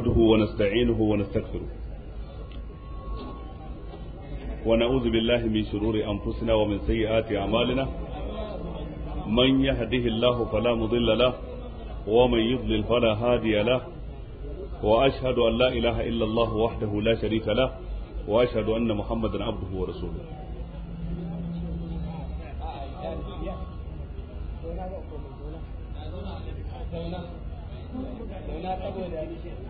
نحمده ونستعينه ونستغفره ونعوذ بالله من شرور أنفسنا ومن سيئات أعمالنا من يهده الله فلا مضل له ومن يضلل فلا هادي له وأشهد أن لا إله إلا الله وحده لا شريك له وأشهد أن محمدا عبده ورسوله Thank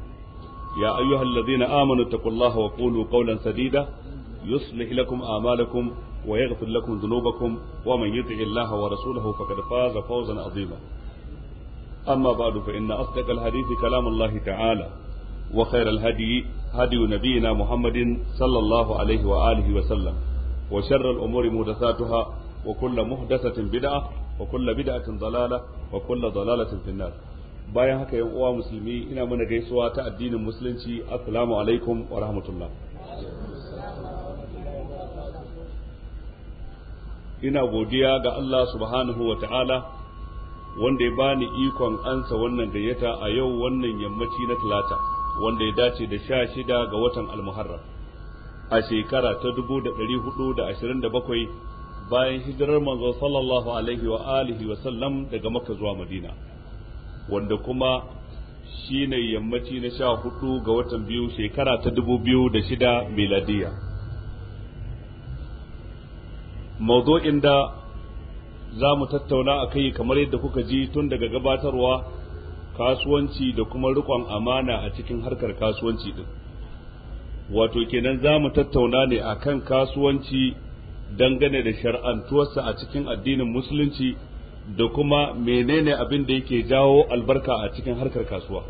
يا أيها الذين آمنوا اتقوا الله وقولوا قولا سديدا يصلح لكم آمالكم ويغفر لكم ذنوبكم ومن يطع الله ورسوله فقد فاز فوزا عظيما أما بعد فإن أصدق الحديث كلام الله تعالى وخير الهدي هدي نبينا محمد صلى الله عليه وآله وسلم وشر الأمور محدثاتها وكل محدثة بدعة وكل بدعة ضلالة وكل ضلالة في النار bayan haka yan uwa musulmi ina mana gaisuwa ta addinin musulunci assalamu alaikum wa rahmatullah ina godiya ga Allah subhanahu wa ta'ala wanda ya bani ikon ansa wannan gayyata a yau wannan yammaci na talata wanda ya dace da sha shida ga watan almuharram a shekara ta dubu da da ashirin bayan hijirar manzo sallallahu alaihi wa alihi wa sallam daga makka zuwa madina wanda kuma shi ne yammaci na sha hudu ga watan biyu shekara ta dubu biyu da shida miladiya Mazo inda za mu tattauna a kai kamar yadda kuka ji tun daga gabatarwa kasuwanci da kuma rikon amana a cikin harkar kasuwanci din wato kenan za mu tattauna ne a kan kasuwanci dangane da shar'antuwarsa a cikin addinin musulunci da kuma menene abin da yake jawo albarka a cikin harkar kasuwa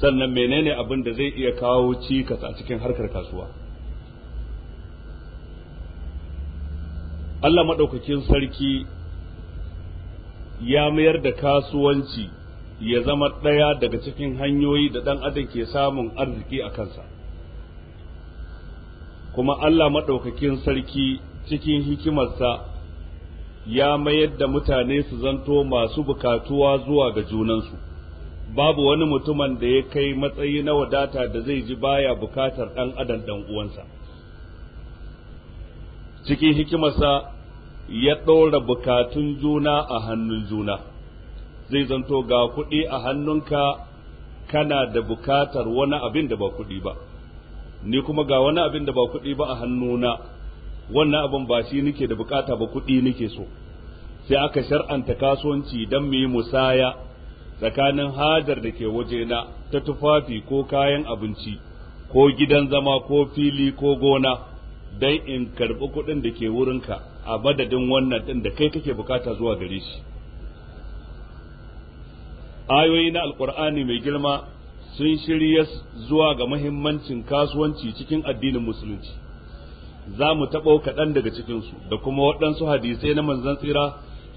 sannan menene abin da zai iya kawo cikas a cikin harkar kasuwa Allah maɗaukakin sarki ya mayar da kasuwanci ya zama ɗaya daga cikin hanyoyi da ɗan adam ke samun arziki a kansa kuma Allah maɗaukakin sarki cikin hikimarsa ya mayar da mutane su zanto masu bukatuwa zuwa ga junansu babu wani mutumin da ya kai matsayi na wadata da zai ji baya bukatar ɗan adam ɗan uwansa cikin hikimarsa ya ɗora bukatun juna a hannun juna zai zanto ga kuɗi a hannunka kana da bukatar wani abin da ba kuɗi ba ni kuma ga wani abin da ba kuɗi ba a hannuna wannan abin ba shi nake da bukata ba kuɗi nake so sai aka shar'anta kasuwanci don mu yi musaya tsakanin hajar da ke wajena ta tufafi ko kayan abinci ko gidan zama ko fili ko gona don in karɓi kuɗin da ke wurinka a madadin wannan ɗin da kai kake bukata zuwa gare shi ayoyi na alkur'ani mai girma sun shirya zuwa ga mahimmancin kasuwanci cikin addinin musulunci za mu taɓo kaɗan daga cikinsu da kuma waɗansu hadisai na manzan tsira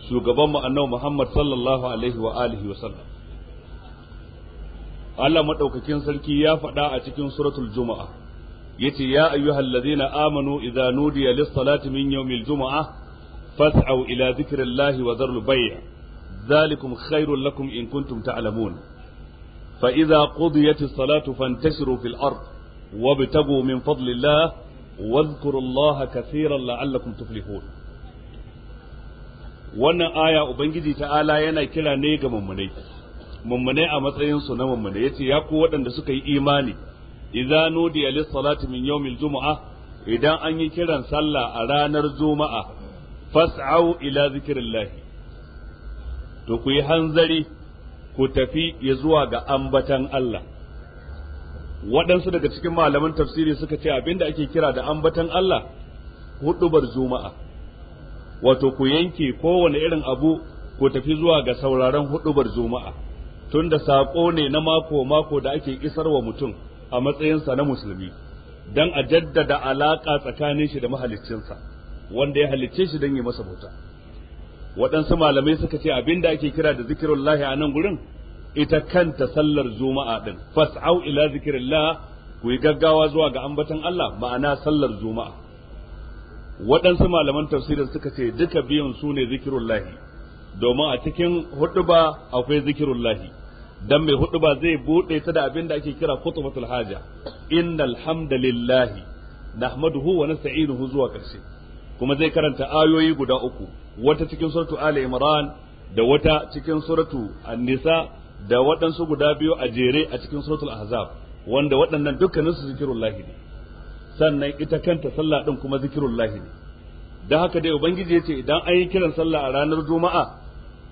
shugabanmu annabi Muhammad sallallahu alaihi wa alihi wa sallam Allah madaukakin sarki ya faɗa a cikin suratul juma'a yace ya ayyuhal ladzina amanu idza nudiya lis salati min yawmil juma'a fas'au ila dhikrillahi wa dharul bay' dhalikum khairul lakum in kuntum ta'lamun fa idza qudiyatis salatu fantashiru fil ard wabtagu min fadlillah واذكروا الله كثيرا لعلكم تفلحون wannan aya ubangiji ta'ala yana kira ne ga mummunai mummunai a matsayinsu na mummunai yace ya ku waɗanda suka yi imani idza nudiya lis salati min yawmil jumu'a idan an yi kiran sallah a ranar juma'a fas'au ila zikrillahi to ku yi hanzari ku tafi ya zuwa ga ambatan Allah waɗansu daga cikin malaman tafsiri suka ce abinda ake kira da ambatan Allah hudubar juma'a wato ku yanke kowane irin abu ku tafi zuwa ga sauraron hudubar juma'a tunda saƙo ne na mako mako da ake wa mutum a matsayinsa na musulmi don a jaddada alaƙa tsakanin shi da mahaliccinsa wanda ya halicce shi dan yi masa bauta waɗansu malamai suka ce abinda ake kira da zikirullahi a nan gurin ita kanta sallar juma'a din fas'au ila zikrillah ku yi gaggawa zuwa ga ambaton Allah ma'ana sallar juma'a waɗansu malaman tafsirin suka ce duka biyan su ne zikirullahi domin a cikin huduba akwai zikirullahi dan mai huduba zai bude ta da abin da ake kira kutubatul haja innal hamdalillahi nahmaduhu wa nasta'inuhu zuwa karshe kuma zai karanta ayoyi guda uku wata cikin suratu ali imran da wata cikin suratu an-nisa da waɗansu guda biyu a jere a cikin suratul ahzab wanda waɗannan dukkanin su zikirullahi ne sannan ita kanta sallah ɗin kuma zikirun ne da haka dai ubangiji ya ce idan an yi kiran sallah a ranar juma'a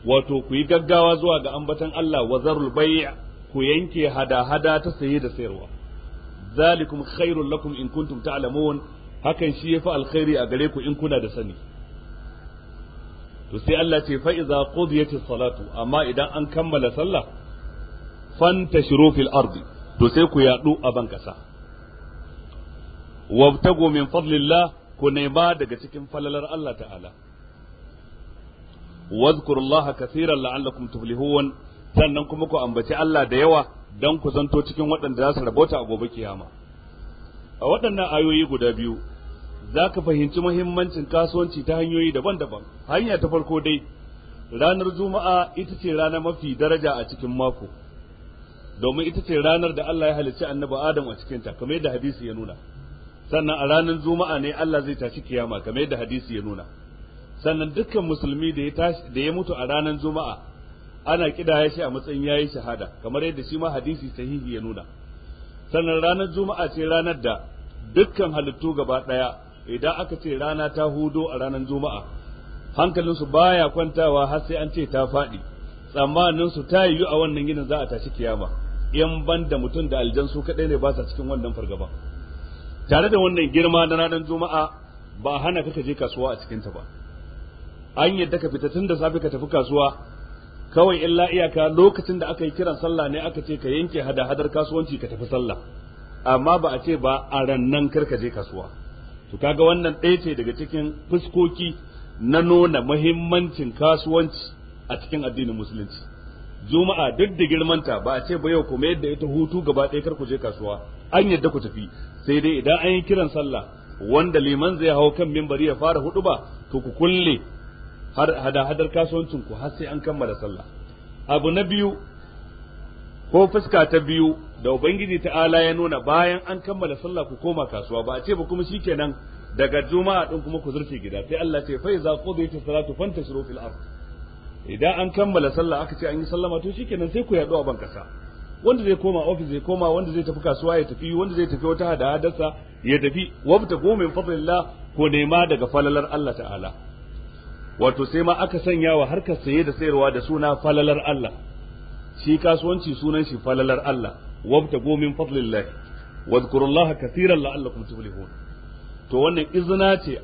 wato ku yi gaggawa zuwa ga ambatan Allah wa zarul bai' ku yanke hada-hada ta saye da sayarwa zalikum khairul lakum in kuntum ta'lamun hakan shi ya fi alkhairi a gare ku in kuna da sani to sai Allah ce fa iza qudiyatis salatu amma idan an kammala sallah fantashiru fil ardi to sai ku yadu a ban kasa wabtagu min fadlillah ku nema daga cikin falalar Allah ta'ala wadhkurullaha kaseeran la'allakum tuflihun sannan kuma ku ambaci Allah da yawa dan ku zanto cikin waɗanda za su rabota a gobe kiyama a waɗannan ayoyi guda biyu za ka fahimci muhimmancin kasuwanci ta hanyoyi daban-daban hanya ta farko dai ranar juma'a ita ce rana mafi daraja a cikin mako domin ita ce ranar da Allah ya halicci annabi Adam a cikinta kamar yadda hadisi ya nuna sannan a ranar juma'a ne Allah zai tashi kiyama kamar yadda hadisi ya nuna sannan dukkan musulmi da ya mutu a ranar juma'a ana kidaya shi a matsayin yayi shahada kamar yadda shi ma hadisi sahihi ya nuna sannan ranar juma'a ce ranar da dukkan halittu gaba ɗaya idan aka ce rana ta hudo a ranar juma'a hankalinsu baya kwantawa har sai an ce ta faɗi tsammaninsu ta yiwu a wannan ginin za a tashi kiyama yan ban da mutum da aljan su kaɗai ne ba sa cikin wannan fargaba tare da wannan girma na ranar juma'a ba hana ka je kasuwa a cikinta ba an yadda ka fita tun da safe ka tafi kasuwa kawai illa iyaka lokacin da aka yi kiran sallah ne aka ce ka yanke hada-hadar kasuwanci ka tafi sallah amma ba a ce ba a rannan kar ka je kasuwa to kaga wannan ɗaya ce daga cikin fuskoki na nuna muhimmancin kasuwanci a cikin addinin musulunci juma'a duk da girmanta ba a ce ba yau kuma yadda ita hutu gaba ɗaya kar ku je kasuwa an yadda ku tafi sai dai idan an yi kiran sallah wanda liman zai hau kan mimbari ya fara hudu ba to ku kulle hada hadar kasuwancin ku har sai an kammala sallah abu na biyu ko fuska ta biyu da ubangiji ta'ala ya nuna bayan an kammala sallah ku koma kasuwa ba a ce ba kuma shikenan daga juma'a din kuma ku zurfe gida sai Allah ce fa iza qudiyatis salatu fantashiru fil ard idan an kammala sallah aka ce an yi sallama to shikenan sai ku yaɗu a bankasa. wanda zai koma ofis zai koma wanda zai tafi kasuwa ya tafi wanda zai tafi wata hada hadarsa ya tafi wabta go min fadlillah ko nema daga falalar Allah ta'ala wato sai ma aka sanya wa harkar saye da sayarwa da suna falalar Allah shi kasuwanci sunan shi falalar Allah wabta wabtagu min fadlillah wadhkurullaha katiran la'allakum tuflihun to wannan izina ce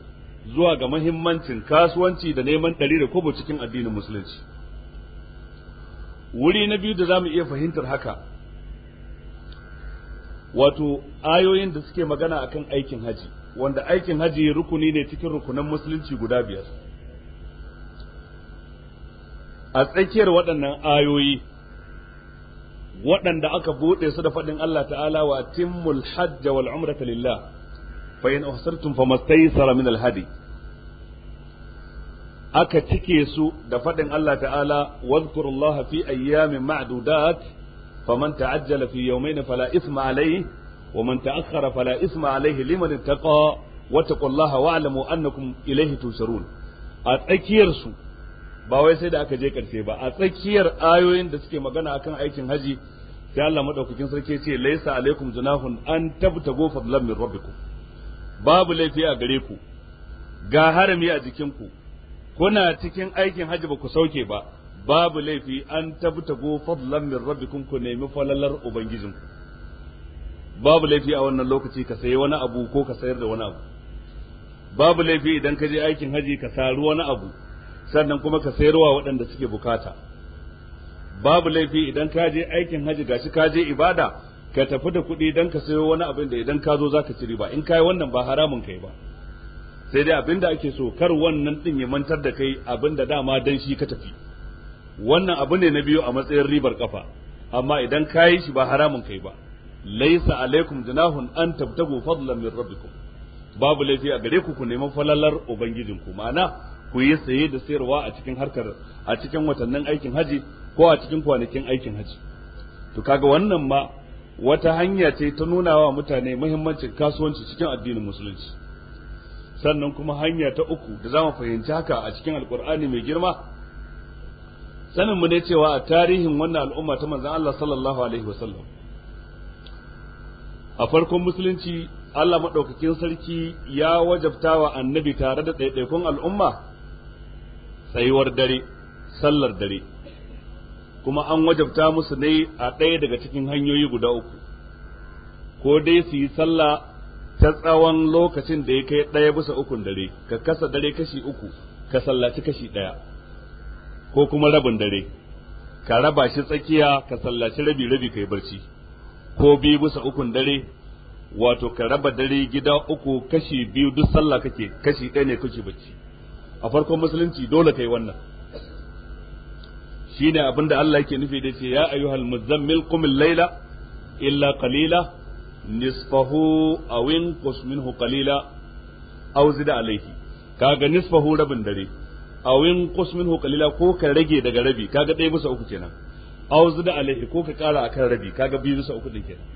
zuwa ga mahimmancin kasuwanci da neman ɗari da kobo cikin addinin musulunci wuri na biyu da za mu iya fahimtar haka wato ayoyin da suke magana a kan aikin haji wanda aikin haji rukuni ne cikin rukunan musulunci guda biyar a tsakiyar waɗannan ayoyi waɗanda aka buɗe su da faɗin Allah ta'ala wa timmul hajj wal umrata lillah fa in uhsirtum famastaysara min al hadi aka cike su da faɗin Allah ta'ala wadhkurullaha fi ayyamin ma'dudat faman ta'ajjala fi yawmayn fala ithma alayhi ومن fala فلا إثم عليه لمن اتقى واتقوا الله واعلموا أنكم إليه a أتأكير سوء ba wai sai da aka je karfe ba a tsakiyar ayoyin da suke magana akan aikin haji sai Allah madaukakin sarki ce laisa alaikum junahun an tabtago fadlan min rabbikum babu laifi a gare ku ga harami a jikinku kuna cikin aikin haji ba ku sauke ba babu laifi an tabtago fadlan min rabbikum ku nemi falalar ubangijinku babu laifi a wannan lokaci ka sayi wani abu ko ka sayar da wani abu babu laifi idan ka je aikin haji ka saru wani abu sannan kuma ka sayarwa waɗanda suke bukata babu laifi idan ka je aikin haji gashi ka je ibada ka tafi da kuɗi don ka sayo wani abin da idan ka zo za ka ci riba in ka yi wannan ba haramun kai ba sai dai abin da ake so kar wannan din ya mantar da kai abin da dama don shi ka tafi wannan abu ne na biyu a matsayin ribar kafa amma idan ka yi shi ba haramun kai ba laisa alaikum junahun an tabtagu fadlan min rabbikum babu laifi a gare ku ku neman falalar ubangijinku ma'ana ku yi saye da sayarwa a cikin harkar a cikin watannin aikin haji ko a cikin kwanakin aikin haji to kaga wannan ma wata hanya ce ta nuna wa mutane muhimmancin kasuwanci cikin addinin musulunci sannan kuma hanya ta uku da za mu fahimci haka a cikin alkur'ani mai girma sanin mu ne cewa a tarihin wannan al'umma ta manzon Allah sallallahu alaihi wasallam a farkon musulunci Allah madaukakin sarki ya wajabtawa annabi tare da ɗaiɗaikun al'umma tsayuwar dare sallar dare kuma an wajabta musu ne a ɗaya daga cikin hanyoyi guda uku ko dai su yi sallah ta tsawon lokacin da ya kai ɗaya bisa ukun dare ka kasa dare kashi uku ka sallaci kashi ɗaya ko kuma rabin dare ka raba shi tsakiya ka sallaci rabi rabi kai barci ko biyu bisa ukun dare wato ka raba dare gida uku kashi biyu duk sallah kake kashi ɗaya ne kuke barci. a farkon musulunci dole kai wannan shine abin da Allah yake nufi da ce ya ayyuhal muzammil qum al-laila illa qalila nisfahu aw inqus minhu qalila aw zid alayhi kaga nisfahu rabin dare aw inqus minhu qalila ko ka rage daga rabi kaga ɗaya bisa uku kenan aw zid alayhi ko ka kara akan rabi kaga biyu bisa uku din kenan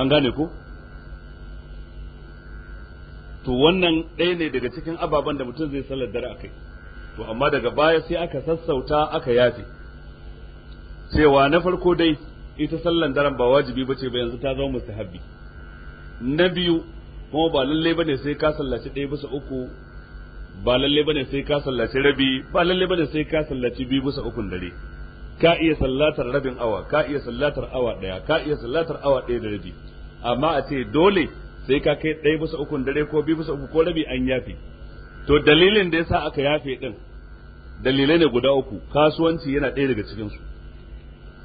an gane ko to wannan ɗaya ne daga cikin ababen da mutum zai sallar dare akai to amma daga baya sai aka sassauta aka yafe cewa na farko dai ita sallan daren ba wajibi bace ba yanzu ta zama mustahabbi na biyu kuma ba lalle bane sai ka sallaci ɗaya bisa uku ba lalle bane sai ka sallaci rabi ba lalle bane sai ka sallaci biyu bisa ukun dare ka iya sallatar rabin awa ka iya sallatar awa ɗaya ka iya sallatar awa ɗaya da rabi amma a ce dole sai ka kai ɗaya bisa ukun dare ko biyu bisa uku ko rabi an yafe to dalilin da yasa aka yafe din dalilai ne guda uku kasuwanci yana ɗaya daga cikin su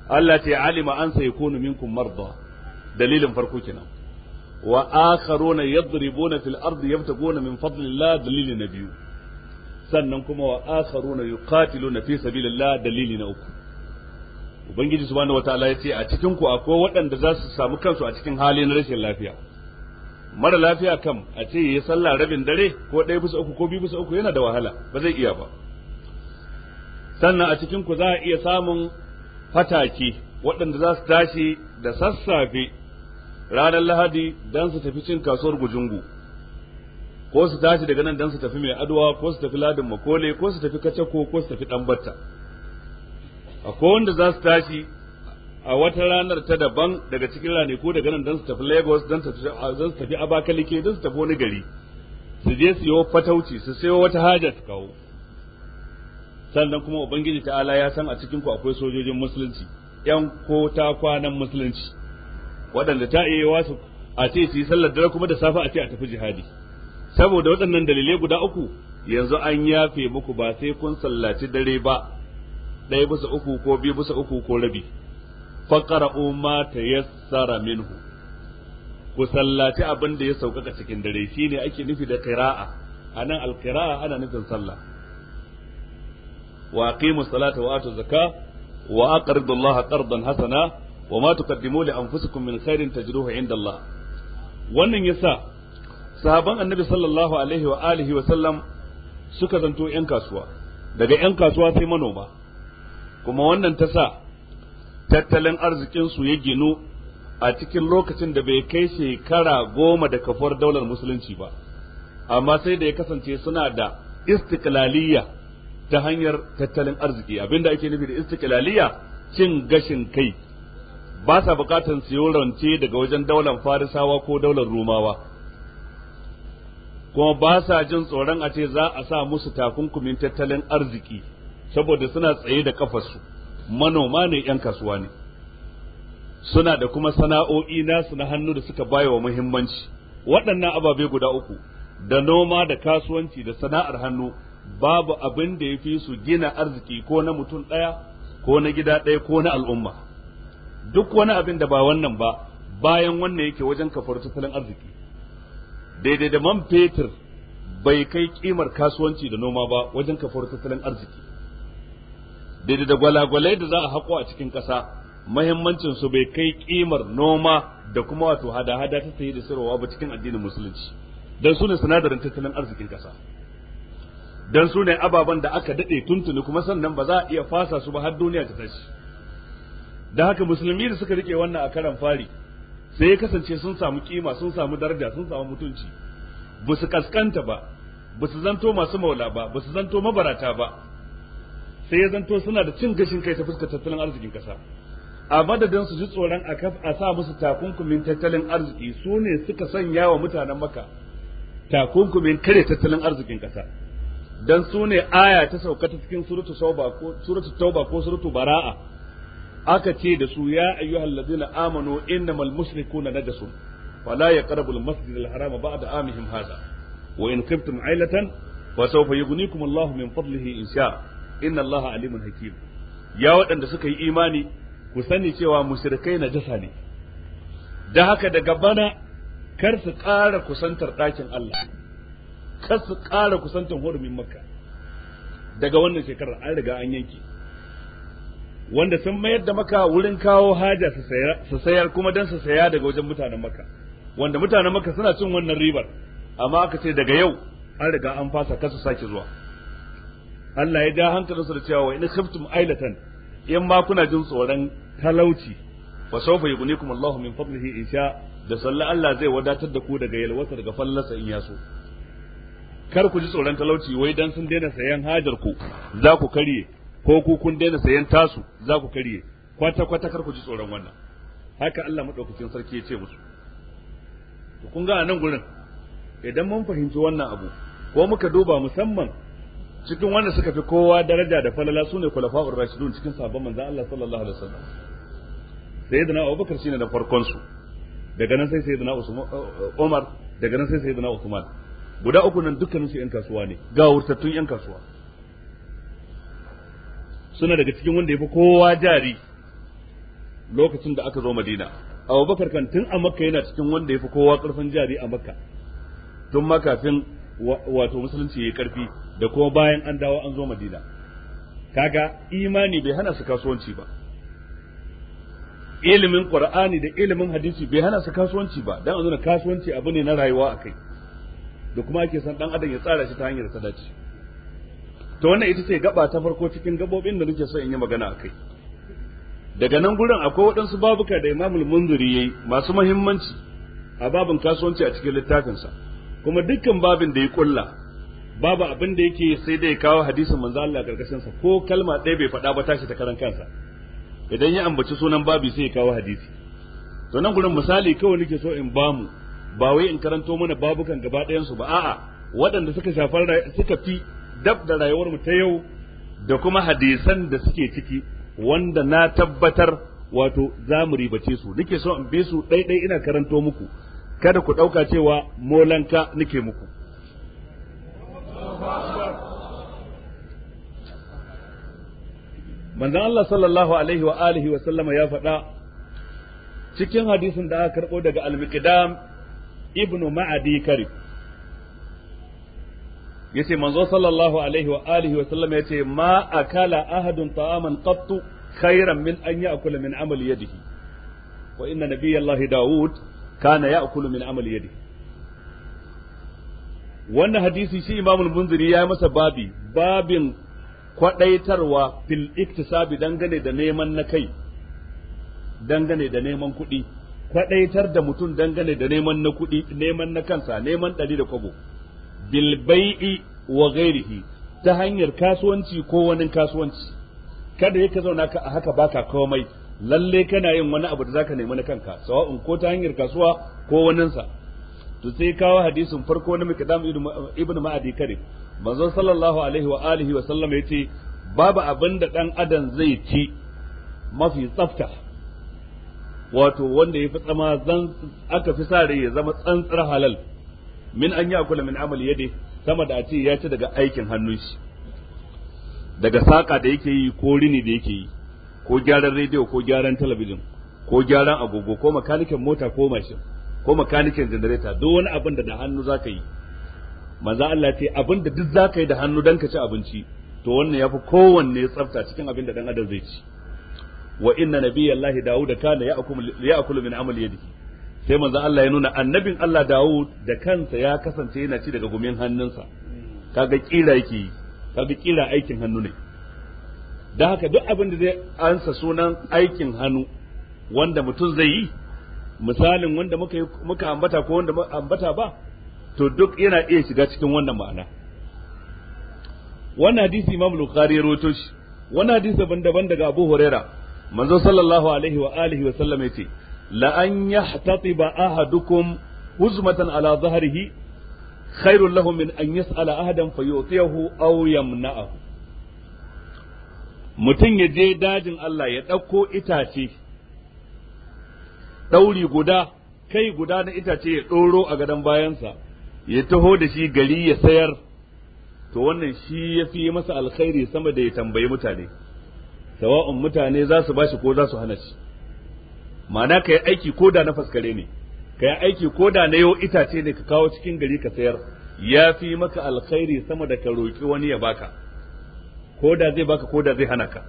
Allah ta alima an sai kunu minkum marda dalilin farko kenan wa akharuna yadribuna fil ardi yabtaguna min fadlillah dalili na biyu sannan kuma wa akharuna yuqatiluna fi sabilillah dalili na uku ubangiji subhanahu wataala ya ce a cikin ku akwai waɗanda za su samu kansu a cikin hali na rashin lafiya mara lafiya kam a ce yi sallah rabin dare ko ɗaya bisa uku ko biyu bisa uku yana da wahala ba zai iya ba sannan a cikin ku za a iya samun fataki waɗanda za su tashi da sassafe ranar lahadi don su tafi cin kasuwar gujungu ko su tashi daga nan don su tafi mai aduwa ko su tafi ladin makole ko su tafi kacako ko su tafi batta akwai wanda za su tashi a wata ranar ta daban daga cikin ko daga nan don su tafi Lagos don su tafi Abakalike don su tafi wani gari su je su yi fatauci su sayo wata haja su kawo sannan kuma ubangiji ta'ala ya san a cikin ku akwai sojojin musulunci yan ko ta kwanan musulunci waɗanda ta iya wasu a ce su yi sallar dare kuma da safe a ce a tafi jihadi saboda waɗannan dalilai guda uku yanzu an yafe muku ba sai kun sallaci dare ba ɗaya bisa uku ko biyu bisa uku ko rabi faqra'u ma tayassara minhu ku sallaci abin da ya sauƙaƙa cikin dare shine ake nufi da qira'a anan alqira'a ana nufin sallah wa aqimu salata wa atu zakka wa aqridu Allah qardan hasana wa ma tuqaddimu li anfusikum min khairin tajruhu inda Allah wannan yasa sahaban annabi sallallahu alaihi wa alihi wa sallam suka zanto yan kasuwa daga yan kasuwa sai manoma kuma wannan ta sa tattalin arzikinsu ya ginu a cikin lokacin da bai kai shekara goma da kafuwar daular musulunci ba amma sai da ya kasance suna da istiklaliya ta hanyar tattalin arziki abinda ake nufi da istiklaliya cin gashin kai ba sa bukatan siyo rance daga wajen daular farisawa ko daular rumawa kuma ba sa jin tsoron a ce za a sa musu takunkumin tattalin arziki saboda suna tsaye da kafarsu manoma ne yan kasuwa ne suna da kuma sana'o'i nasu na hannu da suka baya wa muhimmanci waɗannan ababe guda uku da noma da kasuwanci da sana'ar hannu babu abin da ya fi su gina arziki ko na mutum ɗaya ko na gida ɗaya ko na al'umma duk wani abin da ba wannan ba bayan wannan yake wajen kafar tattalin arziki daidai da man fetur bai kai kimar kasuwanci da noma ba wajen kafar tattalin arziki daidai da gwalagwalai da za a haƙo a cikin ƙasa mahimmancin su bai kai kimar noma da kuma wato hada-hada ta sayi da sayarwa ba cikin addinin musulunci Don su ne sinadarin tattalin arzikin ƙasa Don su ne ababen da aka daɗe tuntuni kuma sannan ba za a iya fasa su ba har duniya ta tashi da haka musulmi da suka rike wannan a karan fari sai ya kasance sun samu ƙima sun samu daraja sun samu mutunci ba su kaskanta ba ba su zanto masu maula ba ba su zanto mabarata ba sai ya zanto suna da cin gashin kai ta fuskar tattalin arzikin kasa a madadin su ji tsoron a sa musu takunkumin tattalin arziki su ne suka sanya wa mutanen maka takunkumin kare tattalin arzikin kasa dan su ne aya ta sauka ta cikin suratu tauba ko suratu bara'a aka ce da su ya ayyuhal ladina amanu innamal mushrikuna najasun fala yaqrabul masjidal harama ba'da amihim hada wa in kuntum ailatan fa sawfa yughnikumullahu min fadlihi in inna allaha alimun hakim ya waɗanda suka yi imani ku sani cewa mushrikai jasa ne da haka daga bana kar su ƙara kusantar ɗakin Allah kar su ƙara kusantar hurumin makka daga wannan shekarar an riga an yanke wanda sun mayar da maka wurin kawo haja su sayar kuma don su saya daga wajen mutanen maka wanda mutanen maka suna cin wannan ribar amma aka ce daga yau an riga an fasa kasu sake zuwa Allah ya ja hankalinsu da cewa wa in khiftum ailatan in ma kuna jin tsoron talauci fa sawfa yughnikum Allahu min fadlihi in sha da sallan Allah zai wadatar da ku daga yalwatar daga fallasa in yaso kar ku ji tsoron talauci wai dan sun daina sayan hajar ku za ku karye ko ku kun daina sayan tasu za ku karye kwata kwata kar ku ji tsoron wannan haka Allah madaukakin sarki ya ce musu to kun ga a nan gurin idan mun fahimci wannan abu ko muka duba musamman cikin wanda suka fi kowa daraja da falala su ne sune rashi rashidun cikin sabon manza Allah sallallahu alaihi wasallam sayyidina Abubakar shine da farkon su daga nan sai sayyidina uh, Umar daga nan sai sayyidina usman guda uku nan dukkanin su yan kasuwa ne ga wurtattun yan kasuwa suna daga cikin wanda ya fi kowa jari lokacin da aka zo Madina Abubakar kan tun a Makka yana cikin wanda ya fi kowa ƙarfin jari a Makka tun ma kafin wato musulunci ya karfi da kuma bayan an dawo an zo Madina kaga imani bai hana su kasuwanci ba ilimin Qur'ani da ilimin hadisi bai hana su kasuwanci ba dan azuna kasuwanci abu ne na rayuwa akai da kuma ake san dan adam ya tsara shi ta hanyar ta dace to wannan ita ce gaba ta farko cikin gabobin da nake so in yi magana akai daga nan gurin akwai waɗansu babuka da imamul munziri yayi masu muhimmanci a babin kasuwanci a cikin littafinsa kuma dukkan babin da ya kulla babu abin da yake sai dai kawo hadisin manzo Allah karkashin sa ko kalma ɗaya bai faɗa ba tashi ta karan kansa idan ya ambaci sunan babi sai ya kawo hadisi to nan gurin misali kawai nake so in bamu ba wai in karanto mana babukan gaba ɗayan su ba a'a waɗanda suka shafar suka fi dab da rayuwar mu ta yau da kuma hadisan da suke ciki wanda na tabbatar wato za mu ribace su nake so in bi su ɗaiɗai ina karanto muku kada ku ɗauka cewa molanka nake muku manzon Allah sallallahu alaihi wa alihi wa sallama ya faɗa cikin hadisin da aka karɓo daga al-Miqdam ibn Ma'adi Karib yace manzo sallallahu alaihi wa alihi wa sallama yace ma akala ahadun ta'aman qattu khairan min an ya'kula min amali yadihi wa inna nabiyallahi Dawud kana akulu min amali yadi wannan hadisi shi imamul munziri ya yi masa babi babin kwadaitarwa fil iktisabi dangane da neman na kai dangane da neman kuɗi kwadaitar da mutum dangane da neman na kuɗi neman na kansa neman ɗari da kwabo bil bai'i wa ghairihi ta hanyar kasuwanci ko wani kasuwanci kada yake zauna ka a haka baka komai lalle kana yin wani abu da zaka nemi na kanka sawa'un ko ta hanyar kasuwa ko waninsa to sai kawo hadisin farko na mikdam ibnu ma'adi kare manzon sallallahu alaihi wa alihi wa sallam yace babu abin da dan adam zai ci mafi tsafta wato wanda ya fi tsama zan aka fi sa ya zama tsantsar halal min an ya kula min amali yade sama da a ce ya ci daga aikin hannun shi daga saka da yake yi ko rini da yake yi ko gyaran rediyo ko gyaran talabijin ko gyaran agogo ko makanikin mota ko mashin ko makanikin janareta duk wani abin da da hannu zaka yi manzo Allah ya ce abin da duk zaka yi da hannu dan ka ci abinci to wannan yafi kowanne tsafta cikin abin da dan adam zai ci wa inna nabiyallahi daud kana ya'kulu min amali yadihi sai manzo Allah ya nuna annabin Allah daud da kansa ya kasance yana ci daga gumin hannunsa kaga kira yake kaga kira aikin hannu ne da haka duk abin da zai ansa sunan aikin hannu wanda mutum zai yi misalin wanda muka muka ambata ko wanda ambata ba to duk yana iya shiga cikin wannan ma'ana wannan hadisi Imam Bukhari ya rawaito shi wannan hadisi daban-daban daga Abu Huraira manzo sallallahu alaihi wa alihi wa sallam yace la an yahtatiba ahadukum huzmatan ala dhahrihi khairul lahu min an yas'ala ahadan fayu'tiyahu aw yamna'ahu mutum ya je dajin Allah ya ɗauko itace ɗauri guda kai guda na itace ya ɗoro a gadon bayansa ya taho da shi gari ya sayar to wannan shi ya fi masa alkhairi sama da ya tambayi mutane sawa'un mutane za su bashi ko za su hana shi ma'ana ka yi aiki ko da na faskare ne ka yi aiki ko da na yau itace ne ka kawo cikin gari ka sayar ya fi maka alkhairi sama da ka roƙi wani ya baka ko da zai baka ko da zai hana ka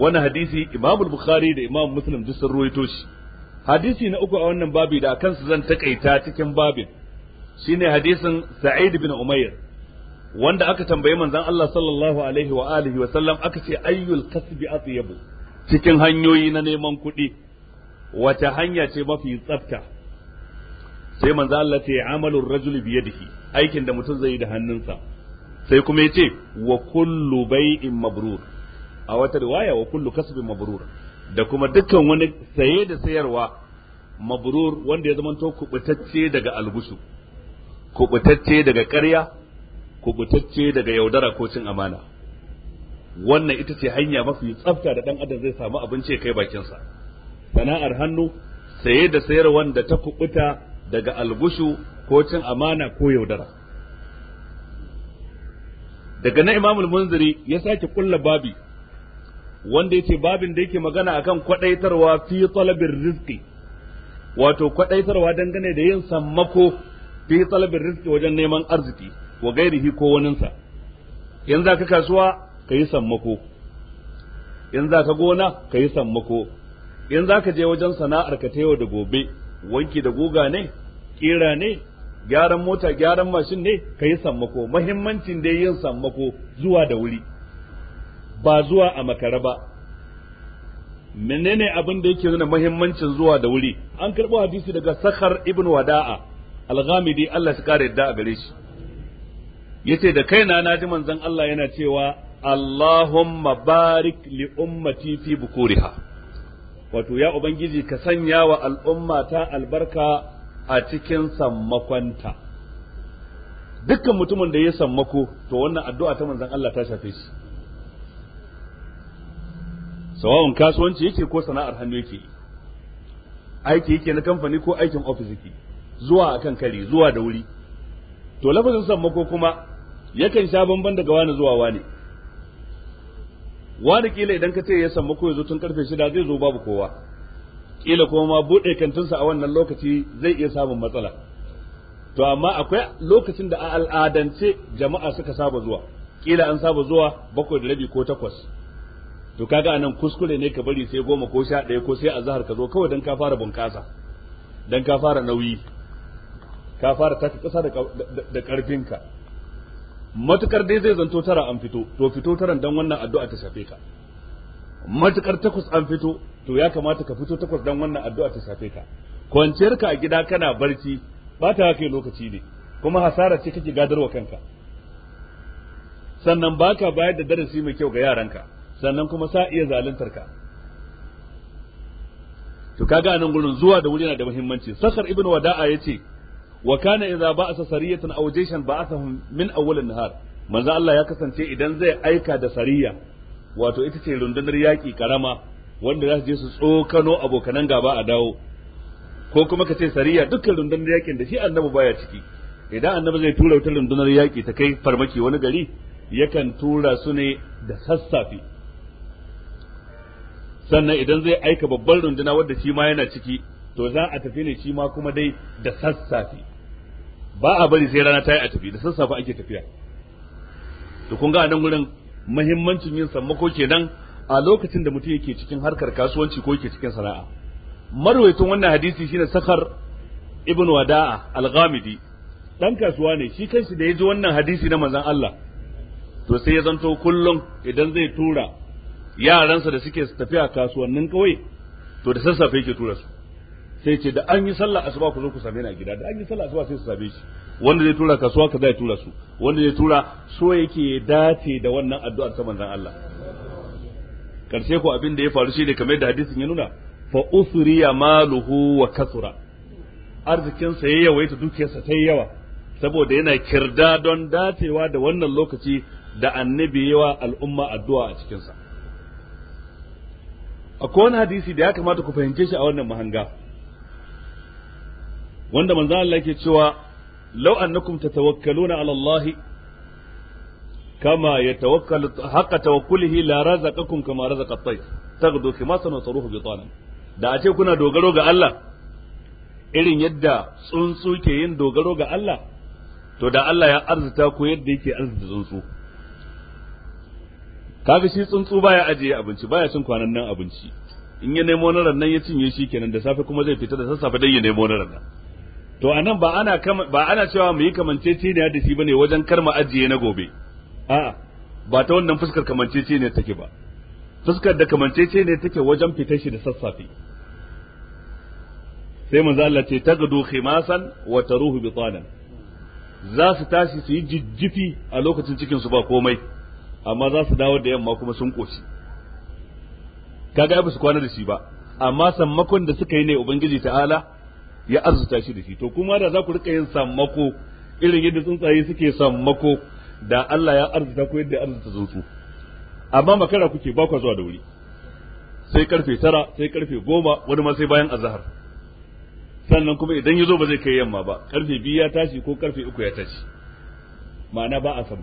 wannan hadisi Imam Bukhari da Imam Muslim duk sun ruwaito shi hadisi na uku a wannan babi da akan zan takaita cikin babin shine hadisin Sa'id bin Umair wanda aka tambaye manzon Allah sallallahu alaihi wa alihi wa sallam aka ce ayyul kasbi Asiyabu cikin hanyoyi na neman kuɗi wata hanya ce mafi tsafta sai manzo Allah ce amalur rajuli biyadihi aikin da mutum zai yi da hannunsa sai kuma yace wa kullu bai'in mabrur a wata riwaya wa kullu kasbin mabrur da kuma dukkan wani saye da sayarwa mabrur wanda ya zama zamanto kubutacce daga algusu kubutacce daga ƙarya kubutacce daga yaudara ko cin amana wannan ita ce hanya mafi tsafta da dan adam zai samu abinci kai bakinsa sana'ar hannu saye da sayarwa da ta kubuta daga algushu ko cin amana ko yaudara daga nan imamul munziri ya sake kulla babi wanda yace babin da yake magana akan kwadaitarwa fi talabir rizqi wato kwadaitarwa dangane da yin sammako fi talabir rizqi wajen neman arziki wa gairihi ko waninsa in za ka kasuwa ka yi sammako in za ka gona ka yi sammako in za ka je wajen sana'ar ka ta yau da gobe wanki da guga ne kira ne gyaran mota gyaran mashin ne ka yi sammako mahimmancin dai yin sammako zuwa da wuri ba zuwa a makara ba menene abin da yake nuna mahimmancin zuwa da wuri an karɓo hadisi daga sakar ibn wada'a al-ghamidi Allah shi kare yadda a gare shi yace da kaina na ji manzon Allah yana cewa Allahumma barik li ummati fi bukuriha wato ya ubangiji ka sanya wa al'umma ta albarka a cikin sammakonta dukkan mutumin da ya sammako to wannan addu'a ta manzan Allah ta shafe shi sawa'un kasuwanci yake ko sana'ar hannu yake aiki yake na kamfani ko aikin ofis yake zuwa akan kare zuwa da wuri to lafazin sammako kuma yakan sha bamban daga wani zuwa wani wani kila idan ka ce ya sammako ya zo tun karfe shida zai zo babu kowa kila kuma ma buɗe kantinsa a wannan lokaci zai iya samun matsala to amma akwai lokacin da a al'adance jama'a suka saba zuwa kila an saba zuwa bakwai da rabi ko takwas to kaga anan kuskure ne ka bari sai goma ko sha ɗaya ko sai azhar ka zo kawai dan ka fara bunƙasa dan ka fara nauyi ka fara taka ƙasa da ƙarfinka matukar dai zai zanto tara an fito to fito taran dan wannan addu'a ta shafe ka matukar takwas an fito to ya kamata ka fito takwas dan wannan addu'a ta safe ka kwanciyar ka a gida kana barci ba ta kai lokaci ne kuma hasara ce kake gadarwa kanka sannan baka bayar da darasi mai kyau ga yaranka sannan kuma sa iya zaluntar ka to kaga anan gurin zuwa da wuri yana da muhimmanci sakar ibn wada'a yace wa kana idza ba'asa sariyatan aw jayshan ba'athahum min awwal an-nahar manzo Allah ya kasance idan zai aika da sariya wato ita ce rundunar yaki karama wanda za su je su tsokano abokanan gaba a dawo ko kuma ka ce sariya dukkan rundunar yakin da shi annabi baya ciki idan annabi zai tura wata rundunar yaki ta kai farmaki wani gari yakan tura su ne da sassafe sannan idan zai aika babban runduna wadda shi ma yana ciki to za a tafi ne shi ma kuma dai da sassafe ba a bari sai rana ta yi a tafi da sassafe ake tafiya to kun ga nan gurin muhimmancin yin sammako kenan a lokacin da mutum yake cikin harkar kasuwanci ko yake cikin sana'a marwaitun wannan hadisi shine sakar ibn wada'a al-ghamidi dan kasuwa ne shi kansa da ya ji wannan hadisi na manzon Allah to sai ya zanto kullum idan zai tura yaransa da suke tafiya kasuwannin kauye to da sassafe yake tura su sai ce da an yi sallah asuba ku zo ku same ni a gida da an yi sallah asuba sai su same shi wanda zai tura kasuwa ka zai tura su wanda zai tura so yake dace da wannan addu'ar ta manzon Allah karshe ko abin da ya faru shi ne kamar da hadisin ya nuna fa usriya maluhu wa kasura arzikin sa ya yawaita dukiyarsa ta yawa saboda yana kirda don dacewa da wannan lokaci da annabi yawa al'umma addu'a a cikin sa akwai wani hadisi da ya kamata ku fahimce shi a wannan mahanga wanda manzo Allah yake cewa law annakum tatawakkaluna ala Allah كما يتوكل حق توكله لا رزقكم كما رزق الطير تغدو خماسا وتروح بطانا da a ce kuna dogaro ga Allah irin yadda tsuntsu ke yin dogaro ga Allah to da Allah ya arzuta ku yadda yake arzuta tsuntsu kaga shi tsuntsu baya ajiye abinci baya cin kwanan nan abinci in ya nemo na rannan ya cinye shi kenan da safe kuma zai fita da sassafe dan ya nemo na rannan to anan ba ana ba ana cewa mu yi kamance kamanceceniya da shi bane wajen karma ajiye na gobe a'a ba ta wannan fuskar kamancece ne take ba fuskar da kamancece ne take wajen fitar shi da sassafe sai manzo Allah ce ta gudu khimasan wa taruhu bitanan za su tashi su yi jijjifi a lokacin cikin su ba komai amma za su dawo da yamma kuma sun koshi kaga ba su kwana da shi ba amma sammakon da suka yi ne ubangiji ta'ala ya arzuta shi da shi to kuma da za ku rika yin sammako irin yadda tsuntsaye suke sammako da Allah ya arzuta ku yadda ya arzuta su amma makara kuke ba ku zuwa da wuri sai karfe tara sai karfe goma wani ma sai bayan azahar sannan kuma idan ya zo ba zai kai yamma ba karfe biyu ya tashi ko karfe uku ya tashi ma'ana ba a ko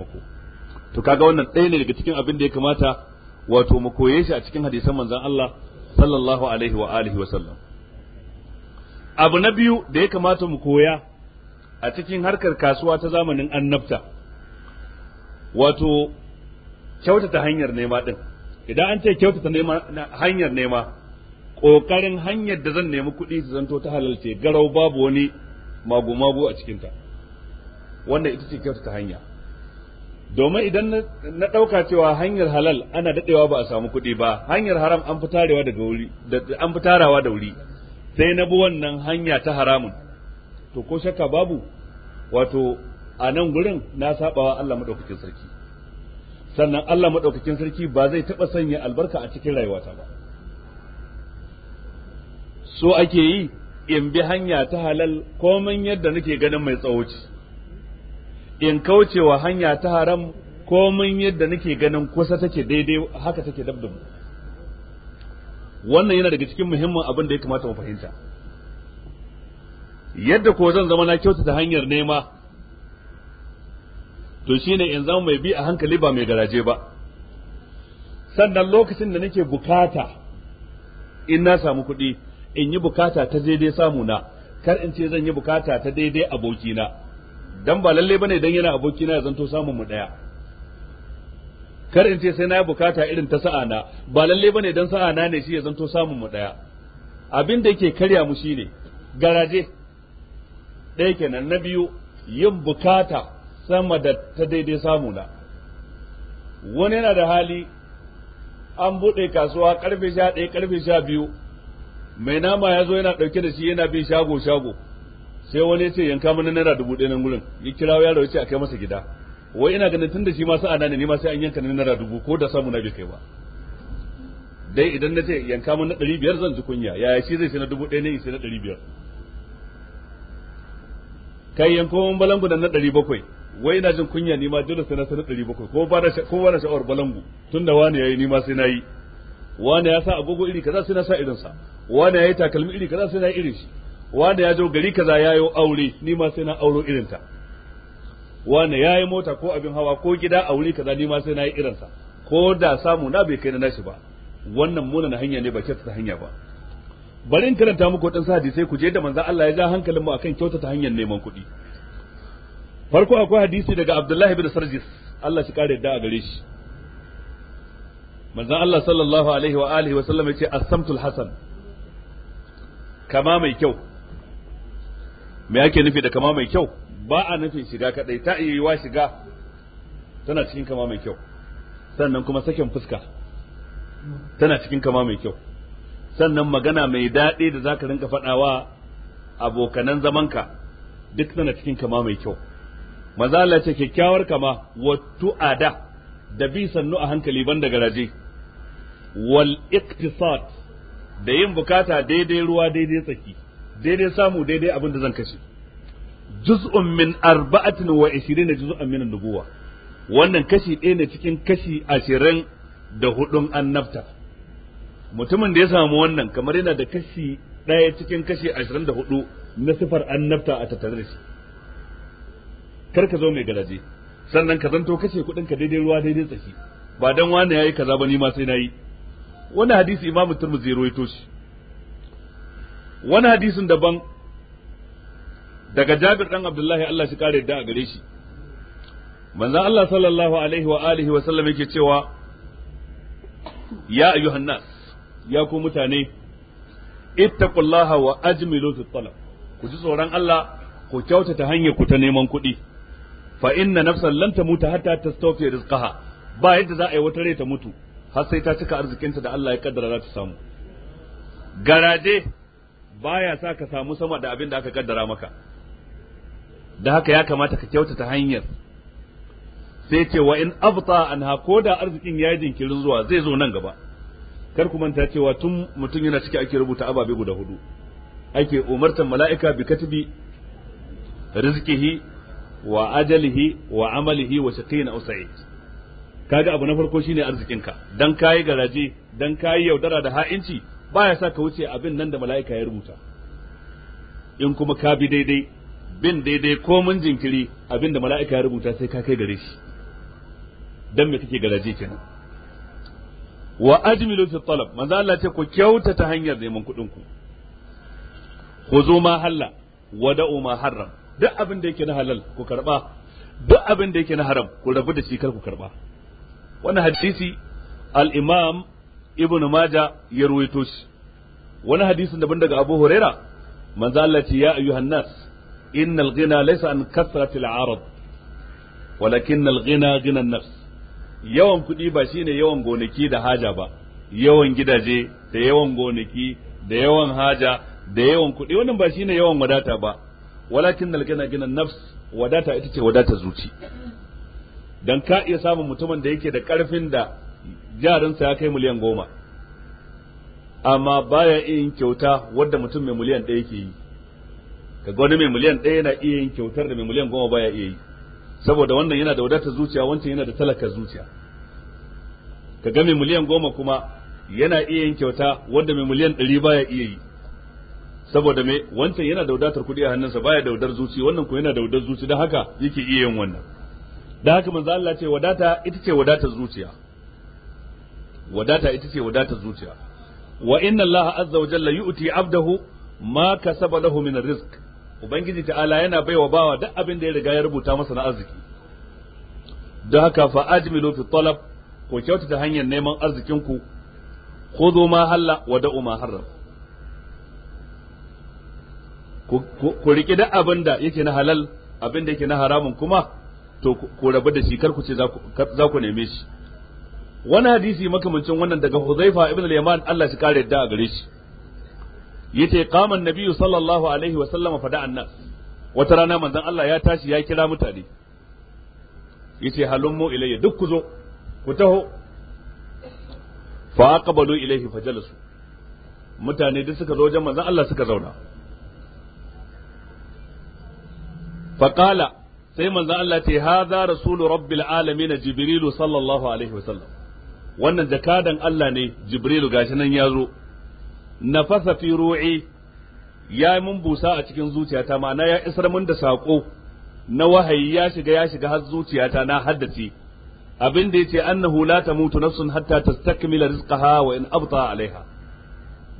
to kaga wannan ɗaya ne daga cikin abin da ya kamata wato mu koye shi a cikin hadisan manzon Allah sallallahu alaihi wa alihi wa sallam abu na biyu da ya kamata mu koya a cikin harkar kasuwa ta zamanin annabta wato kyautata hanyar nema din idan an ce kyautata nema hanyar nema kokarin hanyar da zan nemi kuɗi su zanto ta halalce garau babu wani magu-magu a cikinta wannan ita ce kyautata hanya domin idan na ɗauka cewa hanyar halal ana daɗewa ba a samu kuɗi ba hanyar haram an fi daga wuri an fi tarawa da wuri sai na bi wannan hanya ta haramun to ko shakka babu wato a nan gurin na sabawa Allah madaukakin sarki sannan Allah madaukakin sarki ba zai taba sanya albarka a cikin rayuwata ba so ake yi in bi hanya ta halal komai yadda nake ganin mai tsawoci in kaucewa hanya ta haram komai yadda nake ganin kusa take daidai haka take dabda mu wannan yana daga cikin muhimmin abin da ya kamata mu fahimta yadda ko zan zama na kyautata hanyar nema to shine in zama mai bi a hankali ba mai garaje ba sannan lokacin da nake bukata in na samu kuɗi in yi bukata ta daidai samuna kar in ce zan yi bukata ta daidai abokina dan ba lalle bane dan yana abokina ya zanto samun mu daya kar in ce sai na yi bukata irin ta sa'a na ba lalle bane dan sa'a na ne shi ya zanto samun mu daya abin da yake karya mu shine garaje ɗaya kenan na biyu yin bukata sama da ta daidai samu na wani yana da hali an buɗe kasuwa karfe sha ɗaya karfe sha biyu mai nama ya zo yana ɗauke da shi yana bin shago shago sai wani ya ce yanka mana naira dubu ɗaya nan gurin ya kira ya ce a kai masa gida wai ina ganin tun da shi ma sa'a ne ma sai an yanka naira dubu ko da samu na bai kai ba dai idan na ce yanka mana ɗari biyar zan ji kunya yaya shi zai sai na dubu ɗaya ne sai na ɗari biyar kai yanko mun balambu na ɗari bakwai wai ina jin kunya nima ma dole sai na sanar ɗari bakwai ko ba ko ba na sha'awar balangu tun da wani yayi nima ma sai na yi wani ya sa agogo iri kaza sai na sa irin sa wani yayi takalmi iri kaza sai na irin shi wani ya zo gari kaza yayo aure nima ma sai na auro irin ta wani yayi mota ko abin hawa ko gida a wuri kaza nima ma sai na yi irin sa ko da samu na bai kai na nashi ba wannan muna na hanya ne ba ta hanya ba bari in karanta muku wadansu sai ku je da manzo Allah ya ja hankalin mu akan kyautata hanyar neman kuɗi farko akwai hadisi daga abdullahi bin sarjis Allah shi kare da a gare shi manzan Allah sallallahu alaihi wa alihi wa sallam yace as-samtul hasan kama mai kyau me yake nufi da kama mai kyau ba a nufin shiga kadai ta iya yiwa shiga tana cikin kama mai kyau sannan kuma sakin fuska tana cikin kama mai kyau sannan magana mai daɗi da zaka rinka faɗawa abokanan zamanka duk tana cikin kama mai kyau maza Allah ce kyakkyawar kama wattu ada da bi sannu a hankali ban da garaje wal iktisad da yin bukata daidai ruwa daidai tsaki daidai samu daidai abin da zan kashe juz'un min arba'atin wa 20 juz'un min nubuwa wannan kashi ɗaya ne cikin kashi ashirin da hudun annabta mutumin da ya samu wannan kamar yana da kashi ɗaya cikin kashi ashirin da hudu na sifar annabta a tattare da shi kar ka zo mai garaje sannan ka zanto kashe kudin ka daidai ruwa daidai tsaki ba dan wani yayi kaza ba ni ma sai nayi wani hadisi imamu turmuzi ruwaito shi wani hadisin daban daga Jabir dan Abdullahi Allah shi kare da a gare shi manzon Allah sallallahu alaihi wa alihi wa sallam yake cewa ya ayyuhan nas ya ku mutane ittaqullaha wa ajmilu fi talab ku ji tsoron Allah ku kyautata hanyar ku ta neman kuɗi fa inna nafsan lan tamuta hatta tastawfi rizqaha ba yadda za a yi wata rai ta mutu har sai ta cika arzikinta da Allah ya kaddara za ta samu garaje baya sa ka samu sama da abin da aka kaddara maka da haka ya kamata ka kyautata hanyar sai ce wa in abta anha ko da arzikin ya yi jinkirin zuwa zai zo nan gaba kar ku manta cewa tun mutum yana ciki ake rubuta ababe guda hudu ake umartar mala'ika bi katibi rizqihi wa ajalihi wa amalihi wa shaqiyin aw sa'id kaga abu na farko shine arzikinka dan kayi garaje dan kayi yaudara da ha'inci baya sa ka wuce abin nan da mala'ika ya rubuta in kuma ka bi daidai bin daidai ko mun jinkiri abin da mala'ika ya rubuta sai ka kai gare shi dan me kake garaje kenan wa ajmilu fi talab manzo Allah ce ku kyauta ta hanyar neman kuɗin ku khuzu ma halla da'u ma harram duk abin da yake na halal ku karba duk abin da yake na haram ku rabu da shi kar ku karba wannan hadisi al-imam ibn maja ya ruwaito shi wani hadisin daban daga abu huraira manzo Allah ce ya ayyuhan nas innal ghina laysa an kasratil arad walakin al ghina ghina nafs yawan kuɗi ba shine yawan gonaki da haja ba yawan gidaje da yawan gonaki da yawan haja da yawan kuɗi wannan ba shine yawan wadata ba walakin nal gina gina nafs wadata ita ce wadata zuci dan ka iya samun mutumin da yake da karfin da jarinsa ya kai miliyan goma amma baya iya yin kyauta wadda mutum mai miliyan ɗaya yake yi ka wani mai miliyan ɗaya yana iya yin kyautar da mai miliyan goma baya iya yi saboda wannan yana da wadatar zuciya wancan yana da talakar zuciya ka ga mai miliyan goma kuma yana iya yin kyauta wanda mai miliyan ɗari baya iya yi saboda me wancan yana da wadatar kuɗi a hannunsa baya da wadar zuci wannan ko yana da wadar zuci dan haka yake iya yin wannan dan haka manzo Allah ce wadata ita ce wadatar zuciya wadata ita ce wadatar zuciya wa inna Allah azza wa jalla yu'ti 'abdahu ma kasaba lahu min rizq ubangiji ta'ala yana baiwa bawa duk abin da ya riga ya rubuta masa na arziki don haka fa ajmilu fi talab ko kyautata hanyar neman arzikin ku khudhu ma halla wa da'u ma harram ku riƙe da abin da yake na halal abin da yake na haramun kuma to ku rabu da shi kar ku ce za ku neme shi wani hadisi makamancin wannan daga Huzaifa ibn al-Yaman Allah shi kare da a gare shi yace qama an-nabi sallallahu alaihi wa sallam fa da'a nas wata rana manzon Allah ya tashi ya kira mutane yace halummu ilayya duk ku zo ku taho fa aqbalu ilayhi fajalasu mutane duk suka zo wajen manzon Allah suka zauna faqala sai manzo Allah ce hadha rasulu rabbil alamin jibrilu sallallahu alaihi wasallam wannan jakadan Allah ne jibrilu gashi nan ya zo nafasa fi ru'i ya mun busa a cikin zuciyata ma'ana ya isar mun da sako na wahayi ya shiga ya shiga har zuciyata na haddace abin da yace annahu la tamutu nafsun hatta tastakmila rizqaha wa in abta alaiha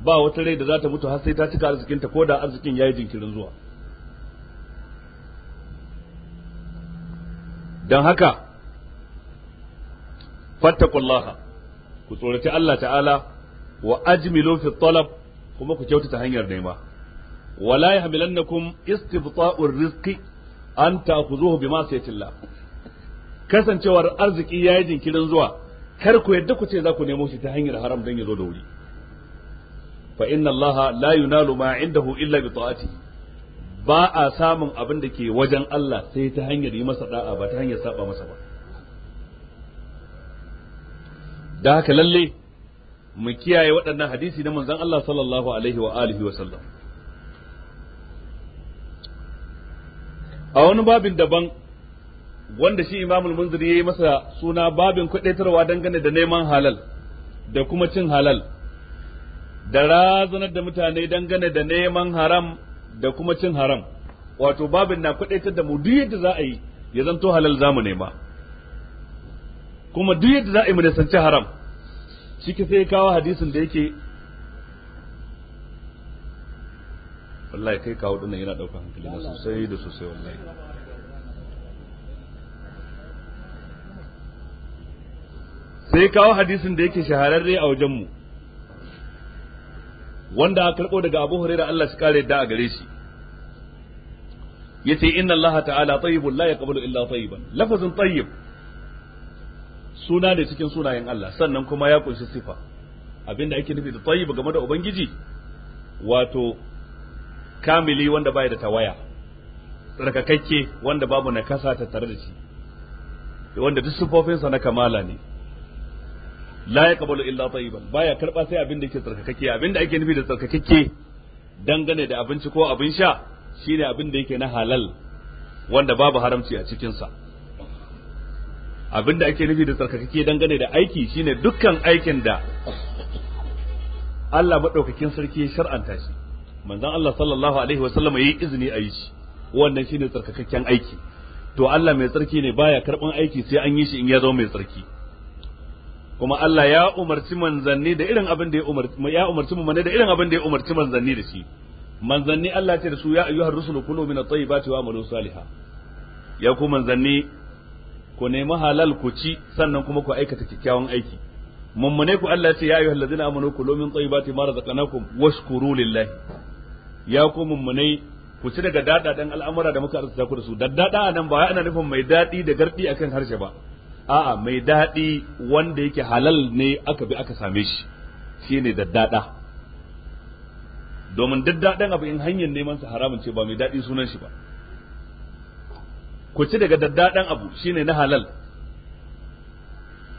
ba wata rai da zata mutu har sai ta cika arzikinta ko da arzikin yayi jinkirin zuwa don haka fattakullaha ku tsoraci Allah ta'ala wa ajmilu fi talab kuma ku kyautata hanyar nema wala yahmilannakum istifta'ur rizqi an ta'khuzuhu bima sayatillah kasancewar arziki yayi jinkirin zuwa kar ku yadda ku ce za ku nemo shi ta hanyar haram dan ya zo da wuri fa inna allaha la yunalu ma indahu illa bi ta'atihi ba a samun abin da ke wajen Allah sai ta hanyar yi masa da'a ba ta hanyar saba masa ba da haka lalle mu kiyaye waɗannan hadisi na manzon Allah sallallahu alaihi wa alihi wa sallam a wani babin daban wanda shi imamul munziri yayi masa suna babin kudaitarwa dangane da neman halal da kuma cin halal da razanar da mutane dangane da neman haram da kuma cin haram wato babin na kwadaitar da mu duk yadda za a yi ya zanto halal zamu nema kuma duk yadda za a yi mu nisanci haram shi ke sai kawo hadisin da yake wallahi kai kawo dinnan yana daukar hankali na sosai da sosai wallahi sai kawo hadisin da yake shahararre a wajenmu wanda aka karbo daga Abu Hurairah Allah shi kare da a gare shi yace inna Allah ta'ala tayyibun la yaqbalu illa tayyiban lafazin tayyib suna ne cikin sunayen Allah sannan kuma ya kunshi sifa abinda ake nufi da tayyib game da ubangiji wato kamili wanda baya da tawaya tsarkakakke wanda babu nakasa tattare da shi wanda duk sifofinsa na kamala ne la kabalu illa tayyiban baya karba sai abin da yake tsarkakakke abin da ake nufi da tsarkakakke dangane da abinci ko abin sha shine abin da yake na halal wanda babu haramci a cikin sa abin da ake nufi da tsarkakakke dangane da aiki shine dukkan aikin da Allah madaukakin sarki ya shar'anta shi manzon Allah sallallahu alaihi wa sallama yayi izini a yi shi wannan shine tsarkakakken aiki to Allah mai tsarki ne baya karban aiki sai an yi shi in ya zama mai tsarki kuma Allah ya umarci manzanni da irin abin da ya umarci ya umarci mu da irin abin da ya umarci manzanni da shi manzanni Allah ce da su ya ayyuhar rusulu kulu min at-tayyibati wa amalu salihah ya ku manzanni ku nemi halal ku ci sannan kuma ku aikata kyakkyawan aiki mummune ku Allah ce ya ayyuhal ladina amanu kulu min tayyibati ma razaqnakum washkuru lillahi ya ku mummune ku ci daga dadadan al'amura da muka arzuta ku da su daddada nan ba ana nufin mai dadi da gardi akan harshe ba a'a mai daɗi wanda yake halal ne aka bi aka same shi shine daddada domin daddadan abu in hanyar neman sa haramun ce ba mai daɗi sunan shi ba ku ci daga daddadan abu shine na halal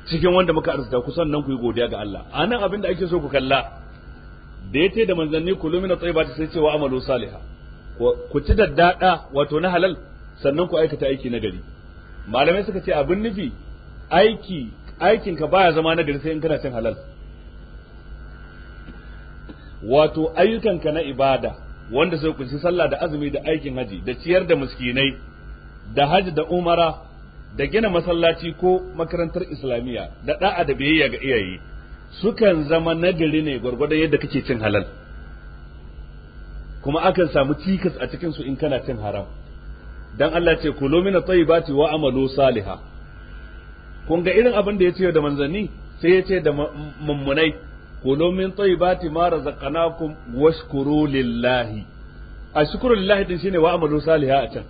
cikin wanda muka arzuta ku nan ku yi godiya ga Allah a nan abin da ake so ku kalla da ya da manzanni ku lumina tsaibata sai cewa amalu saliha ku ci daddada wato na halal sannan ku aikata aiki na gari malamai suka ce abin nufi aiki aikin ka baya zama na gari sai in kana cin halal wato ayyukanka na ibada wanda sai kunshi sallah da azumi da aikin haji da ciyar da miskinai da haji da umara da gina masallaci ko makarantar islamiyya da da'a da biyayya ga iyaye sukan zama nagari ne gwargwadon yadda kake cin halal kuma akan samu cikas a cikin su in kana cin haram dan Allah ce kulu min at-tayyibati wa amalu salihah kun ga irin abin da ya ce da manzanni sai ya ce da mummunai kulu min tayyibati ma razaqnakum washkuru lillahi shukuru lillahi din shine wa amalu saliha a can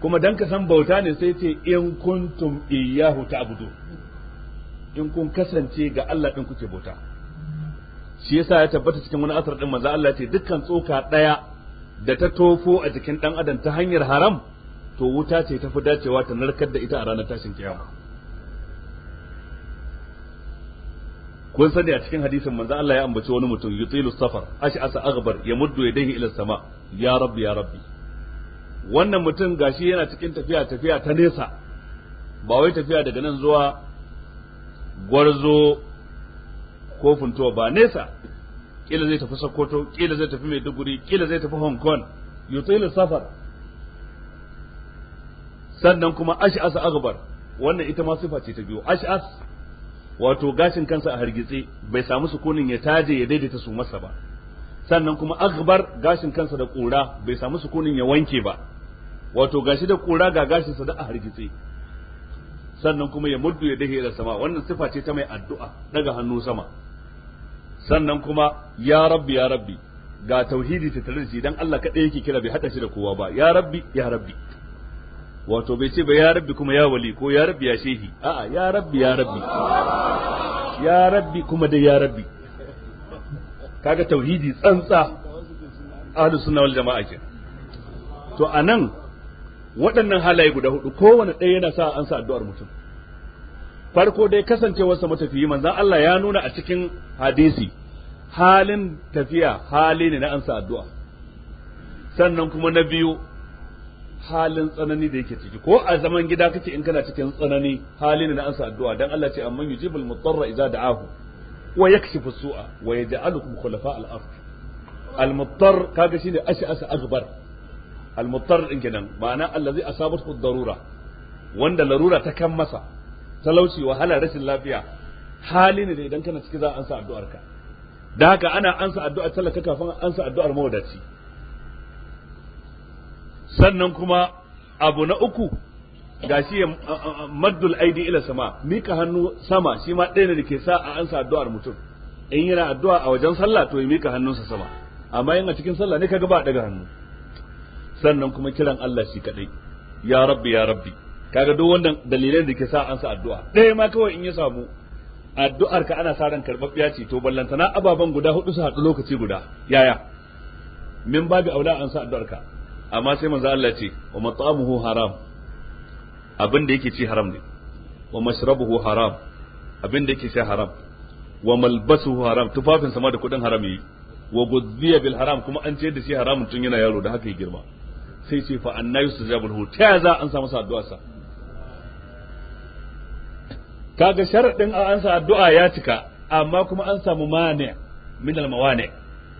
kuma dan ka san bauta ne sai ce in kuntum iyyahu ta'budu in kun kasance ga Allah din kuke bauta shi yasa ya tabbata cikin wani asar din manzo Allah ce dukkan tsoka ɗaya da ta tofo a jikin ɗan adam ta hanyar haram to wuta ce ta fi dacewa ta narkar da ita a ranar tashin kiyama kun sani a cikin hadisin manzo Allah ya ambaci wani mutum yutilu safar ashi asa aghbar ya muddu yadayhi ila sama ya rabbi ya rabbi wannan mutum gashi yana cikin tafiya tafiya ta nesa ba wai tafiya daga nan zuwa gwarzo ko funtuwa ba nesa kila zai tafi Sokoto kila zai tafi Maiduguri kila zai tafi Hong Kong yutilu safar sannan kuma asa aghbar wannan ita ma sifa ce ta biyu ash'as wato gashin kansa a hargitse bai samu sukunin ya taje ya daidaita su masa ba sannan kuma akbar gashin kansa da kura bai samu sukunin ya wanke ba wato gashi da kura ga gashin sa da a hargitse sannan kuma ya muddu ya dahe da sama wannan sifa ce ta mai addu'a daga hannu sama sannan kuma ya rabbi ya rabbi ga tauhidi ta tare da shi dan Allah kadai yake kira bai hada shi da kowa ba ya rabbi ya rabbi wato bai ce ba ya rabbi kuma ya wali ko ya rabbi ya shehi a'a ya rabbi ya rabbi ya rabbi kuma dai ya rabbi kaga tauhidi tsantsa ahlus sunna wal jama'a ke to anan waɗannan halaye guda hudu kowane ɗaya yana sa an sa addu'ar mutum farko dai kasancewarsa matafiyi manzon Allah ya nuna a cikin hadisi halin tafiya hali ne na an sa addu'a sannan kuma na biyu halin tsanani da yake ciki ko a zaman gida kake in kana cikin tsanani halin da ansa addu'a dan Allah ce amman yujibul mudarra idza da'ahu wa yakshifu su'a wa yaj'alukum khulafa al-ard al-mudar kaga shine ash'asa akbar al-mudar din kenan ma'ana allazi asabatu darura wanda larura ta kan masa talauci wahala rashin lafiya hali ne da idan kana ciki za a ansa addu'arka da haka ana ansa addu'ar talaka kafin ansa addu'ar mawadaci sannan kuma abu na uku ga shi ya maddul aidi ila sama mika hannu sama shi ma ɗaya ne da ke sa a ansa addu'ar mutum in yana addu'a a wajen sallah to ya mika hannunsa sama amma in a cikin sallah ne kaga ba daga hannu sannan kuma kiran Allah shi kadai ya rabbi ya rabbi kaga duk wannan dalilan da ke sa ansa addu'a ɗaya ma kawai in ya samu addu'ar ka ana sa ran karɓaɓɓiya ce to ballantana ababen guda hudu su haɗu lokaci guda yaya min babu aula an sa addu'ar ka amma sai manzo Allah ce wa mat'amuhu haram abin da yake ci haram ne wa mashrabuhu haram abin da yake sha haram wa malbasuhu haram tufafin ma da kudin haram yi wa guzziya bil haram kuma an ce da shi haramun tun yana yaro da haka ya girma sai ce fa anna yusjabul hu ta za an sa masa addu'a sa kaga sharadin an sa addu'a ya cika amma kuma an samu mani min al mawani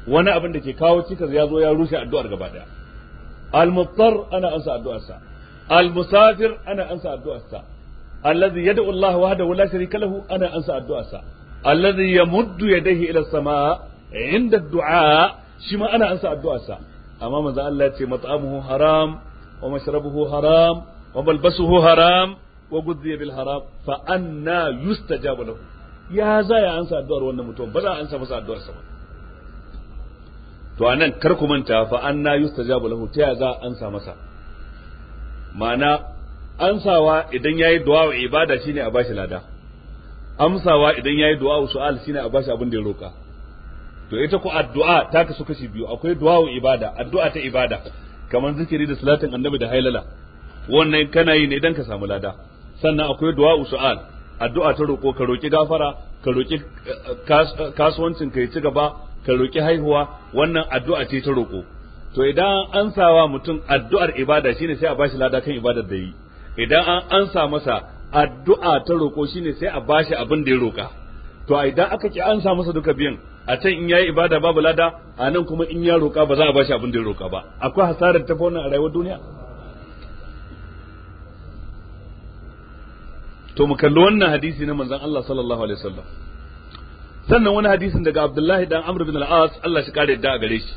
wani abin da ke kawo cikas ya zo ya rushe addu'ar gaba daya al ana ansa addu'arsa al-musafir ana ansa addu'arsa alladhi yad'u Allah wahdahu la sharika lahu ana ansa addu'arsa alladhi yamuddu yadayhi ila as inda dua shi ana ansa addu'arsa amma manzo Allah ya ce mat'amuhu haram wa mashrabuhu haram wa malbasuhu haram wa gudhiya bil haram fa anna ta lahu ya za ya ansa addu'ar wannan mutum ba za a ansa masa addu'arsa ba to anan kar ku manta fa anna yustajabu lahu ta za an sa masa ma'ana ansawa idan yayi du'a wa ibada shine a bashi lada amsawa idan yayi du'a wa su'al shine a bashi abin da ya roka to ita ku addu'a ta kasu kashi biyu akwai du'a wa ibada addu'a ta ibada kamar zikiri da salatin annabi da hailala wannan kana yi ne idan ka samu lada sannan akwai du'a wa su'al addu'a ta roko ka roki gafara ka roki eh, eh, kasuwancin ka ya ci gaba ka roki haihuwa wannan addu'a ce ta roko to idan an sawa mutum addu'ar ibada shine sai a bashi lada kan ibadar da yi idan an ansa masa addu'a ta roko shine sai a bashi abin da ya roka to idan aka ki ansa masa duka biyan a can in yayi ibada babu lada a nan kuma in ya roka ba za a bashi abin da ya roka ba akwai hasarar ta wannan a rayuwar duniya to mu kalli wannan hadisi na manzon Allah sallallahu alaihi wasallam sannan wani hadisin daga Abdullahi dan Amr bin al-As Allah shi kare da gare shi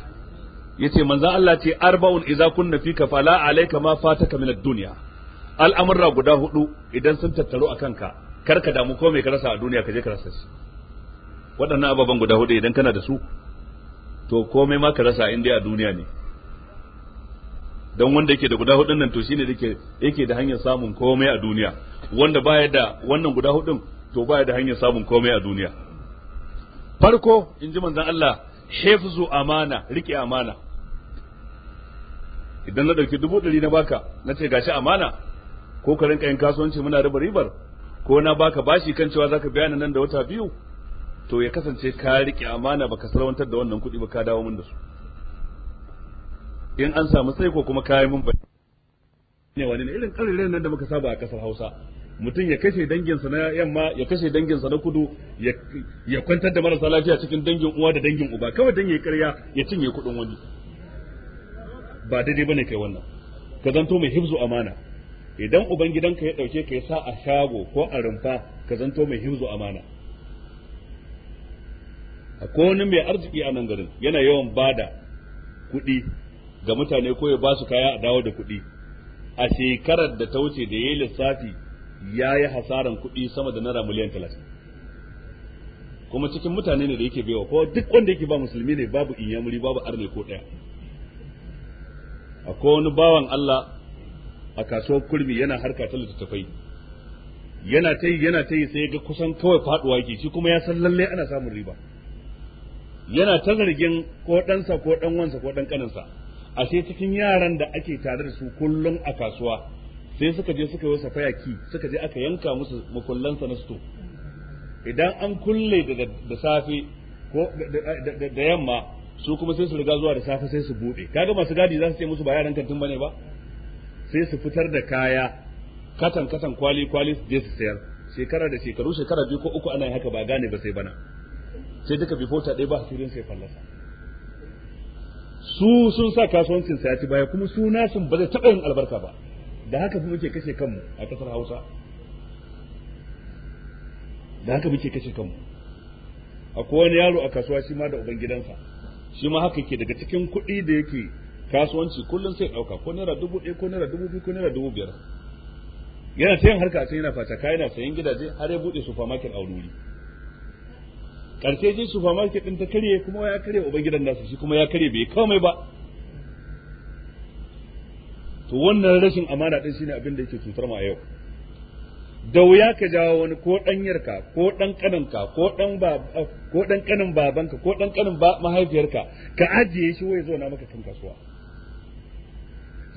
yace manzon Allah ce arba'un idza kunna fika fala alayka ma fataka min ad-dunya al'amurra guda hudu idan sun tattaru akan ka kar ka damu ko mai ka rasa a duniya ka je ka rasa shi waɗannan ababen guda hudu idan kana da su to komai ma ka rasa in dai a duniya ne don wanda yake da guda hudun nan to shine yake yake da hanyar samun komai a duniya wanda baya da wannan guda hudun to baya da hanyar samun komai a duniya farko in ji manzan Allah hefzu amana rike amana idan na ɗauki dubu ɗari na baka na ce gashi amana ko ka rinka yin kasuwanci muna riba ribar ko na baka bashi kan cewa zaka biya ni nan da wata biyu to ya kasance ka rike amana baka sarwantar da wannan kuɗi ba ka dawo min da su in an samu sai ko kuma kayan mun bayani ne wani irin ƙaririn nan da muka saba a ƙasar Hausa mutum ya kashe danginsa na yamma ya kashe danginsa na kudu ya kwantar da marasa lafiya cikin dangin uwa da dangin uba kawai dan ya karya ya cinye kudin wani ba daidai bane kai wannan ka zanto mai hifzu amana idan uban gidanka ya dauke ka ya sa a shago ko a rumfa ka zanto mai hifzu amana a wani mai arziki a nan garin yana yawan bada kuɗi ga mutane ko ya ba su kaya a dawo da kuɗi a shekarar da ta wuce da ya yi lissafi ya yi hasaran kuɗi sama da nara miliyan talatin kuma cikin mutane ne da yake baiwa ko duk wanda yake ba musulmi ne babu inyamuri babu arne ko ɗaya akwai wani bawan Allah a kasuwar kurmi yana harka ta littattafai yana ta yi yana ta yi sai ga kusan kawai faduwa yake shi kuma ya san lalle ana samun riba yana ta zargin ko ɗansa ko ɗan wansa ko ɗan ƙaninsa a sai cikin yaran da ake tare da su kullum a kasuwa sai suka je suka yi safaya ki suka je aka yanka musu makullansa na sto idan an kulle da safe ko da yamma su kuma sai su riga zuwa da safe sai su bude kaga masu gadi za su ce musu ba yaran kantin bane ba sai su fitar da kaya katan katan kwali kwali su je su sayar shekara da shekaru shekara biyu ko uku ana haka ba gane ba sai bana sai duka before ta ɗaya ba hasirin sai fallasa su sun sa kasuwancin sa ya ci baya kuma su nasun ba zai taɓa yin albarka ba da haka fi muke kashe kanmu a kasar Hausa da haka muke kashe kanmu akwai wani yaro a kasuwa shi ma da uban gidansa shi ma haka ke daga cikin kuɗi da yake kasuwanci kullum sai ɗauka ko naira dubu ɗaya ko naira dubu biyu ko naira dubu biyar yana ta yin harka a can yana fata kayan yana sayan gidaje har ya buɗe supermarket a wuri karshe je supermarket ɗin ta karye kuma ya karye uban gidan nasa shi kuma ya karye bai kawai ba to wannan rashin amana din shine abin da yake cutar mu a yau da wuya ka jawo wani ko ɗanyarka ko ɗan ƙaninka ko ɗan ko ɗan ƙanin babanka ko ɗan ƙanin mahaifiyarka ka ajiye shi wai zo na maka kan kasuwa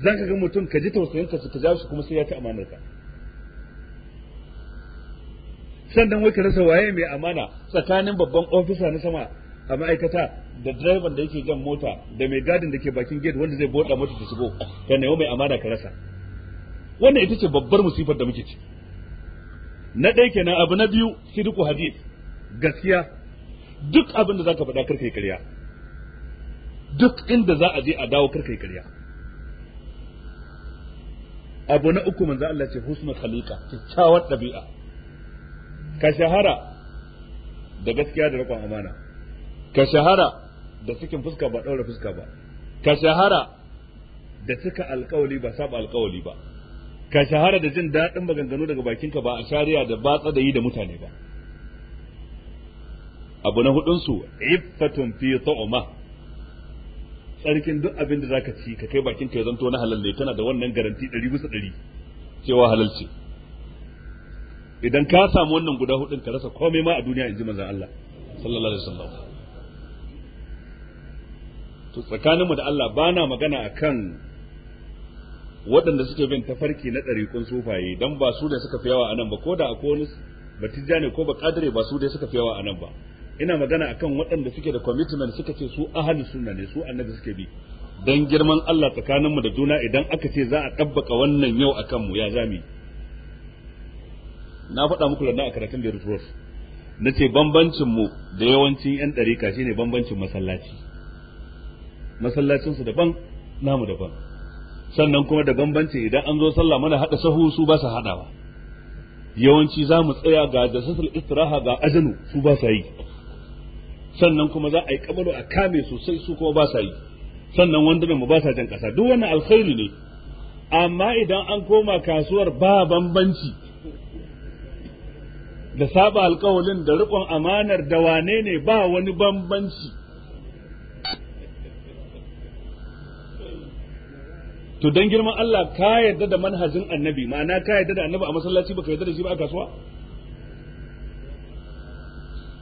zaka ga mutum ka ji tausayinka su ka jawo shi kuma sai ya ci amanarka. ka sannan wai ka rasa waye mai amana tsakanin babban ofisa na sama a ma'aikata da direban da yake jan mota da mai gadin da ke bakin gate wanda zai boda mota ta shigo ka nemo mai amana ka rasa wannan ita ce babbar musifar da muke ci na ɗaya kenan abu na biyu sidiku hadith gaskiya duk abin da zaka faɗa karkai ƙarya duk inda za a je a dawo karkai ƙarya abu na uku manzo Allah ce husnul khaliqa kyakkyawar ɗabi'a ka shahara da gaskiya da riƙon amana ka shahara da cikin fuska ba ɗaura fuska ba ka shahara da cika alkawali ba saba alkawali ba ka shahara da jin daɗin maganganu daga bakinka ba a shari'a da batsa da yi da mutane ba abu na hudunsu iffatun fi ta'uma tsarkin duk abin da zaka ci ka kai bakinka ya zanto na halal ne kana da wannan garanti ɗari bisa ɗari cewa halal ce idan ka samu wannan guda hudun ka rasa komai ma a duniya in ji manzon Allah sallallahu alaihi wasallam to tsakaninmu da Allah ba na magana a kan waɗanda suke bin tafarki na ɗariƙun sufaye don ba su da suka fi yawa a nan ba ko da akwai wani batijja ne ko ba ba su dai suka fi yawa a nan ba ina magana a kan waɗanda suke da commitment suka ce su ahalin sunna ne su annabi suke bi Don girman Allah tsakaninmu da juna idan aka ce za a ɗabbaƙa wannan yau a kanmu ya zami na faɗa muku lanna a karatun da na ce bambancin da yawancin yan ɗarika shine bambancin masallaci masallacin su daban namu daban sannan kuma da bambanci idan an zo sallah mana hada sahu su ba su hadawa yawanci za mu tsaya ga jasasul istiraha ga ajanu su ba sa yi sannan kuma za a yi kabalu a kame sosai su kuma ba sa yi sannan wanda mu ba sa jan kasa duk wannan alkhairi ne amma idan an koma kasuwar ba bambanci da saba alkawalin da riƙon amanar da wane ne ba wani bambanci to dan girman Allah ka yarda da manhajin annabi ma'ana ka yarda da annabi a masallaci baka yarda da shi ba a kasuwa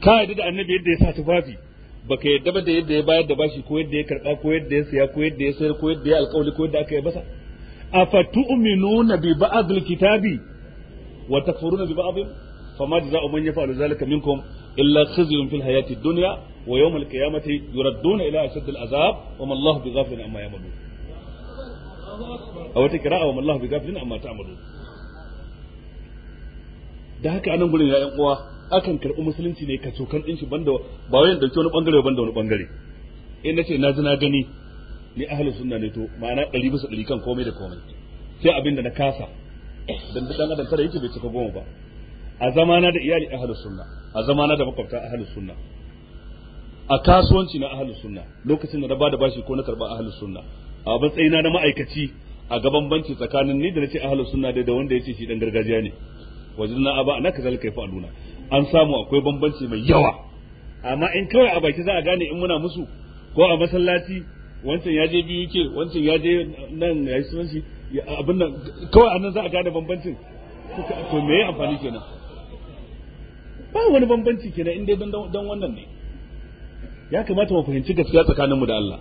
ka yarda da annabi yadda ya sa tufafi baka yarda ba da yadda ya bayar da bashi ko yadda ya karba ko yadda ya siya ko yadda ya sayar ko yadda ya alƙawli ko yadda aka yi masa na bi ba'd al-kitabi wa takfuruna bi ba'd fama jazaa'u man yaf'alu zalika minkum illa khizyun fil hayati ad-dunya wa yawm al-qiyamati yuradduna ila ashaddi al-azab wa ma Allahu bighafilin amma ya'malun a wata kira wa mallahu bi gafilin amma ta Amadu. da haka anan gurin ya uwa akan karɓi musulunci ne ka cokan ɗin shi banda ba wai dauke wani bangare banda wani bangare in nace na ji na gani ni ahlus sunna ne to ma'ana ɗari bisa ɗari kan komai da komai sai abin da na kasa dan dan adam tare yake bai cika goma ba a zamana da iyali ahlus sunna a zamana da makwabta ahlus sunna a kasuwanci na ahlus sunna lokacin da na bada bashi ko na karba ahlus sunna a matsayina na ma'aikaci a gaban banci tsakanin ni da na a ahlus sunna da wanda ya ce shi dan gargajiya ne na aba ana kazalika yafaluna an samu akwai bambanci mai yawa amma in kawai a baki za a gane in muna musu ko a masallaci wancan ya je biyu ke wancan ya je nan ya yi sunan kawai abin nan kawai za a gane bambancin to me amfani kenan ba wani bambanci kenan in dai dan wannan ne ya kamata mu fahimci gaskiya tsakaninmu da Allah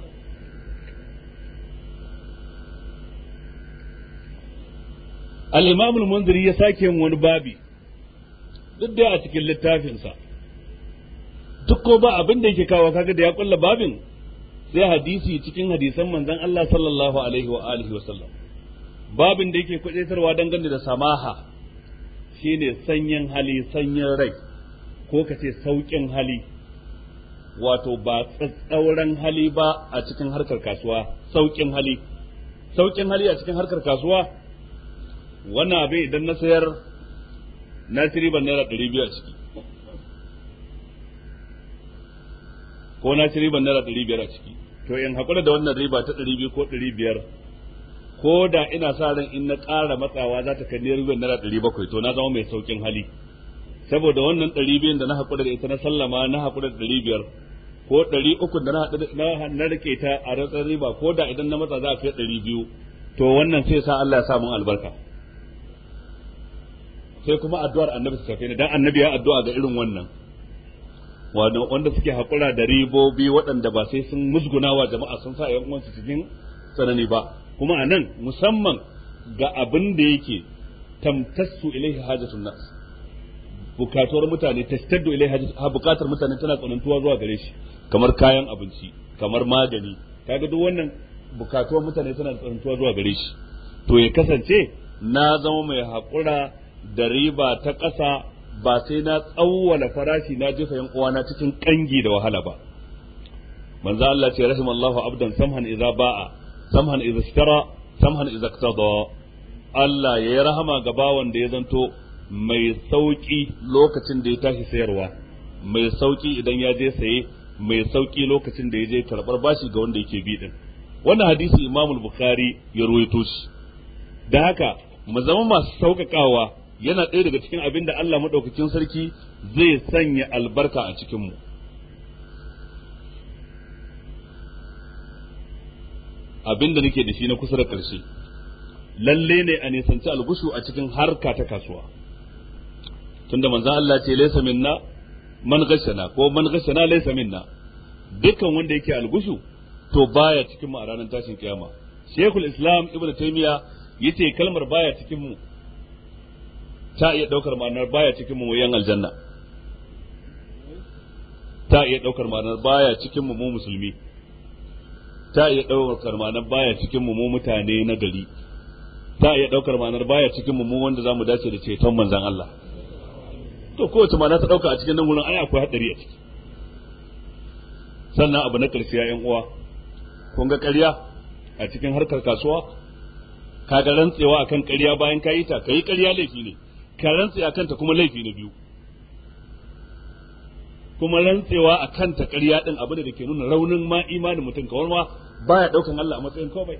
al-imam munziri ya sake wani babi duk da a cikin littafinsa duk ko ba abin da yake kawo kaga da ya kulla babin sai hadisi cikin hadisan manzon Allah sallallahu alaihi wa alihi wa sallam babin da yake kudaitarwa dangane da samaha shine sanyin hali sanyin rai ko kace saukin hali wato ba tsatsauran hali ba a cikin harkar kasuwa saukin hali saukin hali a cikin harkar kasuwa wannan abin idan na sayar na ci riban naira ɗari biyar ciki ko na ci riban naira ɗari biyar a ciki to in haƙura da wannan riba ta ɗari biyu ko ɗari biyar ko da ina sa ran in na ƙara matsawa za ta kai riban naira ɗari bakwai to na zama mai sauƙin hali saboda wannan ɗari biyun da na haƙura da ita na sallama na haƙura da ɗari biyar ko ɗari uku da na rike ta a rantsar riba ko da idan na matsa za a kai ɗari biyu to wannan sai sa Allah ya sa mun albarka sai kuma addu'ar annabi su safi dan annabi ya addu'a ga irin wannan wanda wanda suke hakura da ribobi waɗanda ba sai sun musgunawa jama'a sun sa yan uwansu cikin tsanani ba kuma a nan musamman ga abin da yake tamtassu ilaihi hajatun nas bukatuwar mutane tastaddu ilaihi hajatun bukatar mutane tana tsanantuwa zuwa gare shi kamar kayan abinci kamar magani kaga duk wannan bukatuwar mutane tana tsanantuwa zuwa gare shi to ya kasance na zama mai hakura da riba ta ƙasa ba sai na tsawwala farashi na jefa yan uwana cikin kangi da wahala ba manzo Allah ce Allahu abdan samhan idza ba'a samhan idza ishtara samhan idza iqtada Allah ya yi rahama ga bawan da ya zanto mai sauki lokacin da ya tashi sayarwa mai sauki idan ya je saye mai sauki lokacin da ya je karbar bashi ga wanda yake bi din wannan hadisi Imam Bukhari ya ruwaito shi da haka mu zama masu sauƙaƙawa yana ɗaya daga cikin abin da Allah maɗaukakin sarki zai sanya albarka a cikinmu abin da nake da shi na kusa da ƙarshe lalle ne a nisanci algushu a cikin harka ta kasuwa tunda manzan Allah ce laisa minna man gashana ko man gashana laisa minna dukkan wanda yake algushu to baya cikin mu a ranar tashin kiyama shekul islam ibnu taymiya yace kalmar baya cikin mu ta iya daukar ma'anar baya cikin mummuyan aljanna ta iya daukar ma'anar baya cikin mu mu musulmi ta iya daukar ma'anar baya cikin mu mu mutane na gari ta iya daukar ma'anar baya cikin mu mu wanda zamu dace da ceton manzon Allah to kowace ma'ana ta dauka a cikin nan wurin ai akwai hadari a ciki sannan abu na karshe ya uwa kun ga ƙarya a cikin harkar kasuwa ka ga rantsewa akan ƙarya bayan ka yi ta kai ƙarya laifi ne ka rantse a kanta kuma laifi na biyu kuma rantsewa a kanta ƙarya ɗin abin da ke nuna raunin ma imanin mutum kawar ma ya ɗaukan Allah a matsayin komai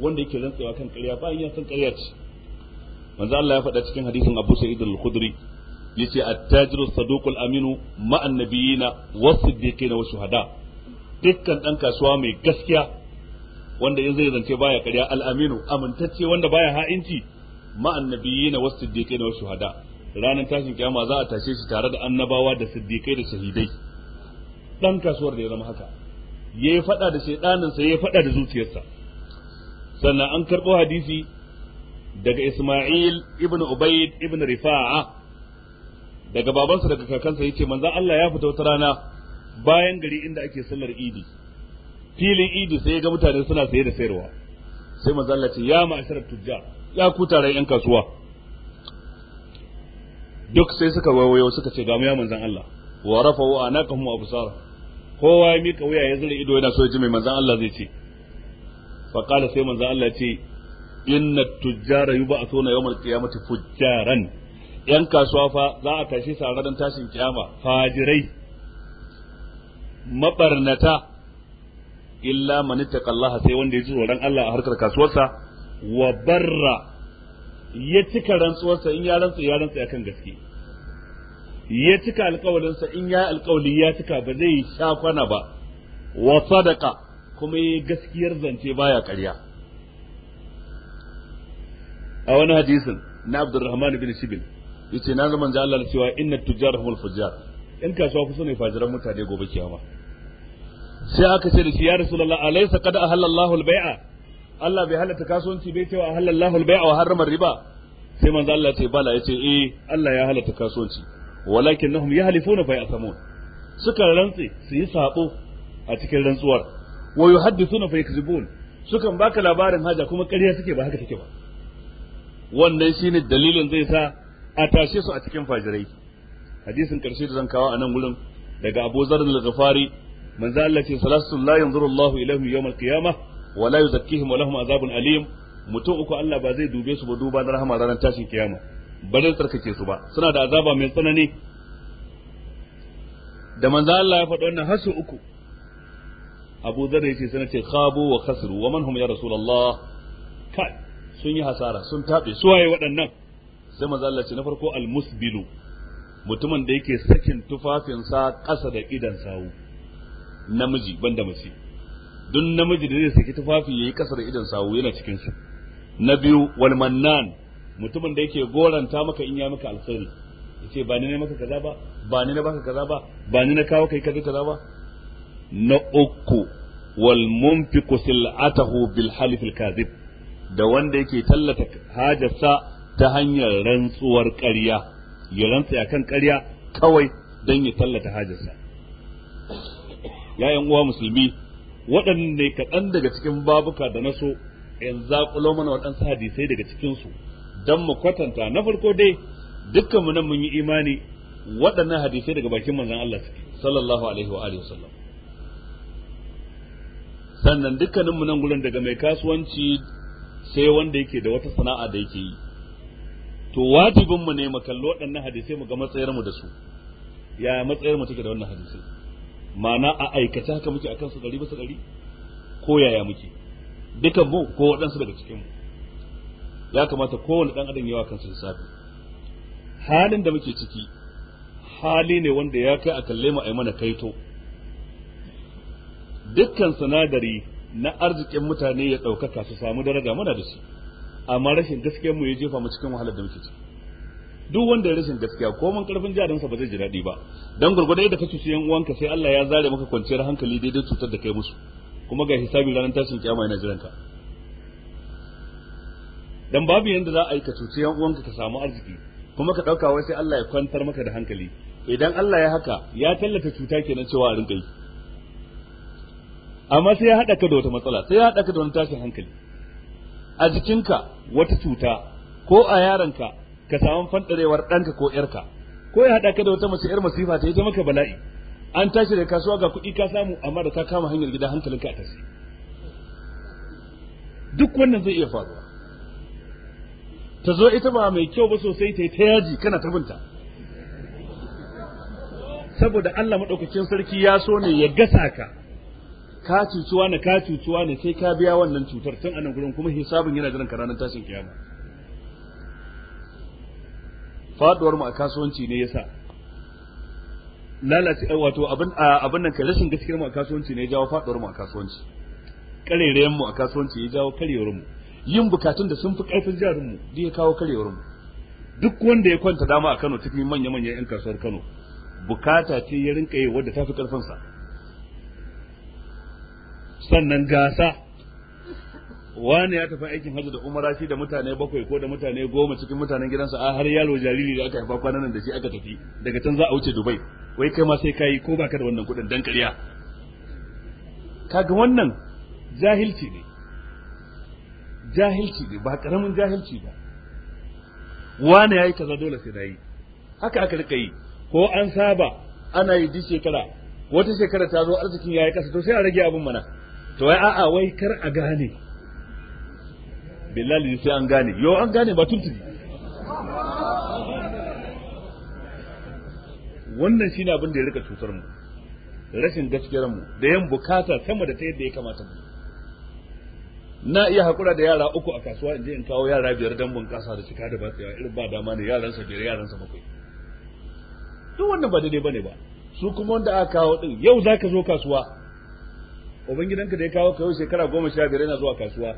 wanda yake rantsewa kan ƙarya bayan ya san ƙarya ce manzo Allah ya faɗa cikin hadisin Abu Sa'id al-Khudri yace at-tajiru saduq al-aminu ma'a an-nabiyina was-siddiqin wa shuhada dukkan dan kasuwa mai gaskiya wanda in zai zance baya ƙarya al-aminu amintacce wanda baya ha'inci ma'an wasu was na wasu shuhada ranar tashin kiyama za a tashe shi tare da annabawa da siddiqai da shahidai dan kasuwar da ya zama haka Ya yi fada da shaidaninsa sa ya fada da zuciyarsa sannan an karbo hadisi daga Isma'il ibn Ubayd ibn Rifa'a daga babansa daga kakansa yace manzon Allah ya fita wata rana bayan gari inda ake sallar Idi filin Idi sai ya ga mutane suna saye da sayarwa sai manzon Allah ce ya ma'asharat tujjar ya ku taron yan kasuwa duk sai suka wayo suka ce ga mu ya manzon Allah wa rafa'u anaqahum absar kowa ya mika wuya ya zura ido yana so ya ji mai manzon Allah zai ce fa qala sai manzon Allah ce inna tujjara yub'athuna yawmal qiyamati fujjaran yan kasuwa fa za a tashi su a tashin kiyama fajirai mabarnata illa man ittaqa sai wanda ya ji tsoron Allah a harkar kasuwarsa wa barra ya cika rantsuwarsa in ya rantsu ya rantsu akan gaske ya cika alƙawarinsa in ya alkawali ya cika ba zai sha kwana ba wa sadaka kuma ya gaskiyar zance baya karya a wani hadisin na Abdulrahman bin Shibil yace na zaman ji Allah cewa inna tujjar humul fujjar in kasuwa kusa ne fajiran mutane gobe kiyama sai aka ce da shi ya rasulullah alaysa qad ahalla Allahu al-bai'a Allah bai halatta kasuwanci bai cewa halallahu al-bai'a wa harrama riba sai manzo Allah ce bala ce eh Allah ya halatta kasuwanci walakinnahum yahlifuna fa yasamun suka rantsi su yi sabo a cikin rantsuwar wa yuhaddithuna fa yakzibun sukan baka labarin haja kuma ƙarya suke ba haka take ba wannan shine dalilin zai sa a tashe su a cikin fajirai hadisin karshe da zan kawo a nan gurin daga Abu Zar al-Ghifari manzo Allah ce salatu la yanzuru Allahu yawm al-qiyamah wala yuzakkihim wa lahum azabun alim mutum uku Allah ba zai dube su ba duba na rahama ranar tashin kiyama ba zai tsarkake su ba suna da azaba mai tsanani da manzo Allah ya faɗa wannan hasu uku Abu Dharr yace sai ce khabu wa khasru wa man hum ya rasulullah kai sun yi hasara sun tabe su waye waɗannan sai manzo Allah ce na farko al musbilu mutumin da yake sakin tufafinsa ƙasa da idan sawu namiji banda mace duk namiji da zai saki tufafi yayi kasar idan sawu yana cikin su na biyu wal mannan mutumin da yake goranta maka in ya maka alkhairi yace ba ni ne maka kaza ba ba ni ne baka kaza ba ba ni na kawo kai kaza kaza ba na uku wal munfiqu sil'atahu bil halif al kadhib da wanda yake tallata hajarsa ta hanyar rantsuwar ƙarya ya rantsa akan ƙarya kawai don ya tallata hajarsa yayan uwa musulmi waɗanne kaɗan daga cikin babuka da na so in zaƙulo mana waɗansu hadisai daga cikinsu don mu kwatanta na farko dai dukkan mu nan mun yi imani waɗannan hadisai daga bakin manzon Allah suke sallallahu alaihi wa alihi wasallam sannan dukkaninmu nan gurin daga mai kasuwanci sai wanda yake da wata sana'a da yake yi to mu ne mu kalli waɗannan hadisai mu ga matsayarmu da su ya matsayarmu take da wannan hadisai ma'ana a aikace haka muke akan su gari bisa gari ko yaya muke dukan mu ko waɗansu daga cikin mu ya kamata kowane ɗan adam yawa kansa lissafi halin da muke ciki hali ne wanda ya kai a kalle mu a yi mana kaito dukkan sinadari na arzikin mutane ya ɗaukaka su samu daraja mana da shi amma rashin gaskiyar mu ya jefa mu cikin wahalar da muke ciki duk wanda ya rashin gaskiya ko mun karfin jarinsa ba zai ji daɗi ba dan gurgurda da ka cuci yan uwanka sai Allah ya zare maka kwanciyar hankali daidai cutar da kai musu kuma ga hisabi ranar tashin kiyama yana jiran ka dan babu yanda za a yi ka cuci yan uwanka ka samu arziki kuma ka dauka wai sai Allah ya kwantar maka da hankali idan Allah ya haka ya tallata cuta kenan cewa a rinka yi amma sai ya haɗa ka da wata matsala sai ya haɗa ka da wani tashin hankali a jikinka wata cuta ko a yaranka ka samu fantarewar ɗanka ko ƴarka ko ya haɗa ka da wata mace ƴar masifa ta yi maka bala'i an tashi da kasuwa ga kuɗi ka samu amma da ka kama hanyar gida hankalinka a tasiri. duk wannan zai iya faruwa ta zo ita ba mai kyau ba sosai ta yi ta yaji kana ta binta saboda Allah maɗaukacin sarki ya so ne ya gasa ka ka cutuwa na ka cutuwa ne sai ka biya wannan cutar tun anan gurin kuma hisabin yana jiran ka ranar tashin kiyama faduwar mu a kasuwanci ne yasa lalace eh, wato abin abin nan kai rashin gaskiyar mu a kasuwanci ne ya jawo faduwar mu a kasuwanci karerayen mu a kasuwanci ya jawo karewar mu yin bukatun da sun fi karfin jarin mu duk ya kawo karewar mu duk wanda ya kwanta dama a Kano cikin manya manyan yan kasuwar Kano bukata ce ya rinka yi wadda ta fi karfin sa sannan gasa wani ya tafi aikin hajji da umara shi da mutane bakwai ko da mutane goma cikin mutanen gidansa a har yalo jariri da aka haifa kwanan nan da shi aka tafi daga can za a wuce dubai wai kai ma sai kayi ko baka da wannan kudin dan kariya kaga wannan jahilci ne jahilci ne ba karamin jahilci ba wani yayi kaza dole sai yi haka aka rika yi ko an saba ana yi duk shekara wata shekara ta zo arzikin yayi kasa to sai a rage abin mana to wai a'a wai kar a gane billahi sai an gane yau an gane ba tuntuni wannan shine abin da ya rika cutar mu rashin gaskiyar mu da yan bukata sama da ta yadda ya kamata mu na iya hakura da yara uku a kasuwa in je in kawo yara biyar dan bunƙasa da cika da batsewa irin ba dama ne yaran sa biyar yaran sa bakwai duk wannan ba daidai bane ba su kuma wanda aka kawo din yau zaka zo kasuwa ubangidanka da ya kawo ka yau shekara goma sha biyar yana zuwa kasuwa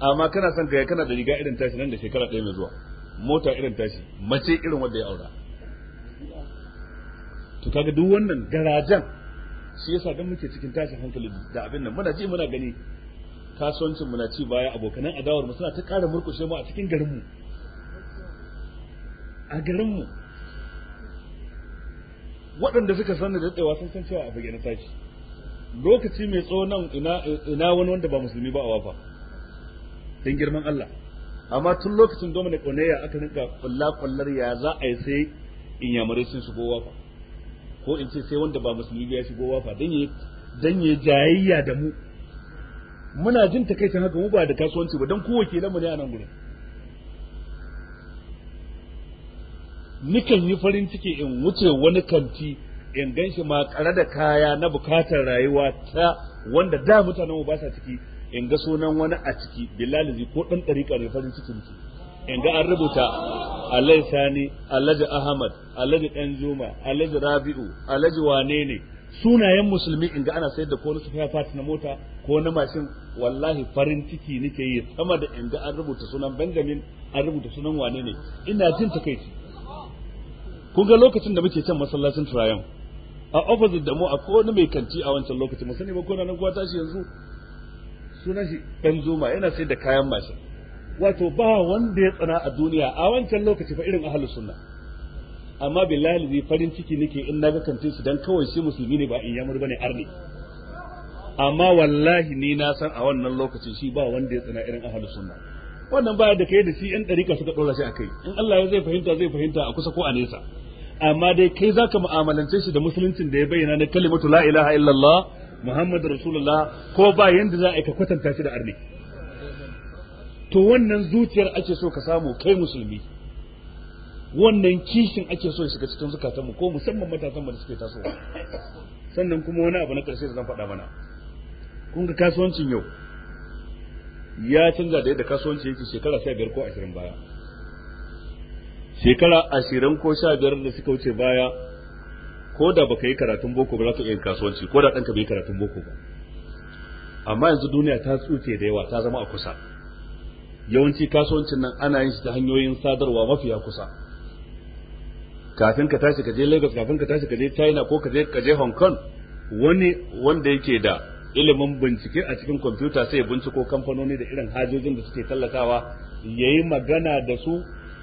amma kana son kai kana da riga irin tashi nan da shekara ɗaya mai zuwa mota irin tashi mace irin wanda ya aura to kaga duk wannan garajan shi yasa dan muke cikin tashin hankali da abin nan muna ji muna gani kasuwancin muna ci baya abokanan adawar mu suna ta ƙara murƙushe mu a cikin garin mu a garin mu waɗanda suka san da daɗewa sun san cewa a fage na tashi lokaci mai tsawo nan ina wani wanda ba musulmi ba a wafa don girman Allah amma tun lokacin Dominic ya aka rinka kulla kullar ya za a yi sai yamare sun shigo wafa ko in ce sai wanda ba musulmi ya shigo wafa Don yi dan jayayya da mu muna jin takaicin haka mu ba da kasuwanci ba don ko wakilan mu ne a nan gurin nikan yi farin ciki in wuce wani kanti in ganshi ƙara da kaya na bukatar rayuwa ta wanda da mutanen mu ba sa ciki in ga sunan wani a ciki bilalazi ko dan dariƙa da farin ciki ki in ga an rubuta alai sani alhaji ahmad alhaji dan zuma alhaji rabi'u alhaji wane ne sunayen musulmi in ga ana sayar da ko na sufiya fati na mota ko na mashin wallahi farin ciki nake yi sama da in ga an rubuta sunan benjamin an rubuta sunan wane ne ina jin takaici kun ga lokacin da muke can masallacin turayen a opposite da mu a na mai kanti a wancan lokacin mu sani ba ko na nan kuwa shi yanzu sunan shi ɗan yana sai da kayan mashin wato ba wanda ya tsana a duniya a wancan lokaci fa irin ahlus sunna amma billahi zai farin ciki nake in naga kantin su dan kawai shi musulmi ne ba in yamur ne arni amma wallahi ni na san a wannan lokaci shi ba wanda ya tsana irin ahlus sunna wannan baya da kai da shi yan dariƙa suka dora shi akai in Allah ya zai fahimta zai fahimta a kusa ko a nesa amma dai kai zaka mu'amalance shi da musuluncin da ya bayyana na kalimatu la ilaha illallah Muhammadu Rasulullah ko ba yanda za a ka kwatanta shi da arni to wannan zuciyar ake so ka samu kai musulmi wannan kishin ake so shiga cikin zukatanmu ko musamman matasanmu da suke tasowa sannan kuma wani abu na ƙarshe da zan faɗa mana kun ga kasuwancin yau ya canza da yadda kasuwanci yake shekara sha biyar ko ashirin baya shekara ashirin ko sha biyar da suka wuce baya ko da baka yi karatun boko ba za ka iya kasuwanci ko da ɗanka bai yi karatun boko ba amma yanzu duniya ta tsuke da yawa ta zama a kusa yawanci kasuwancin nan ana yin shi ta hanyoyin sadarwa mafiya kusa kafin ka tashi ka je Lagos kafin ka tashi ka je China ko ka je ka je Hong Kong wani wanda yake da ilimin bincike a cikin kwamfuta sai ya binciko kamfanoni da irin hajojin da suke tallatawa yayi magana da su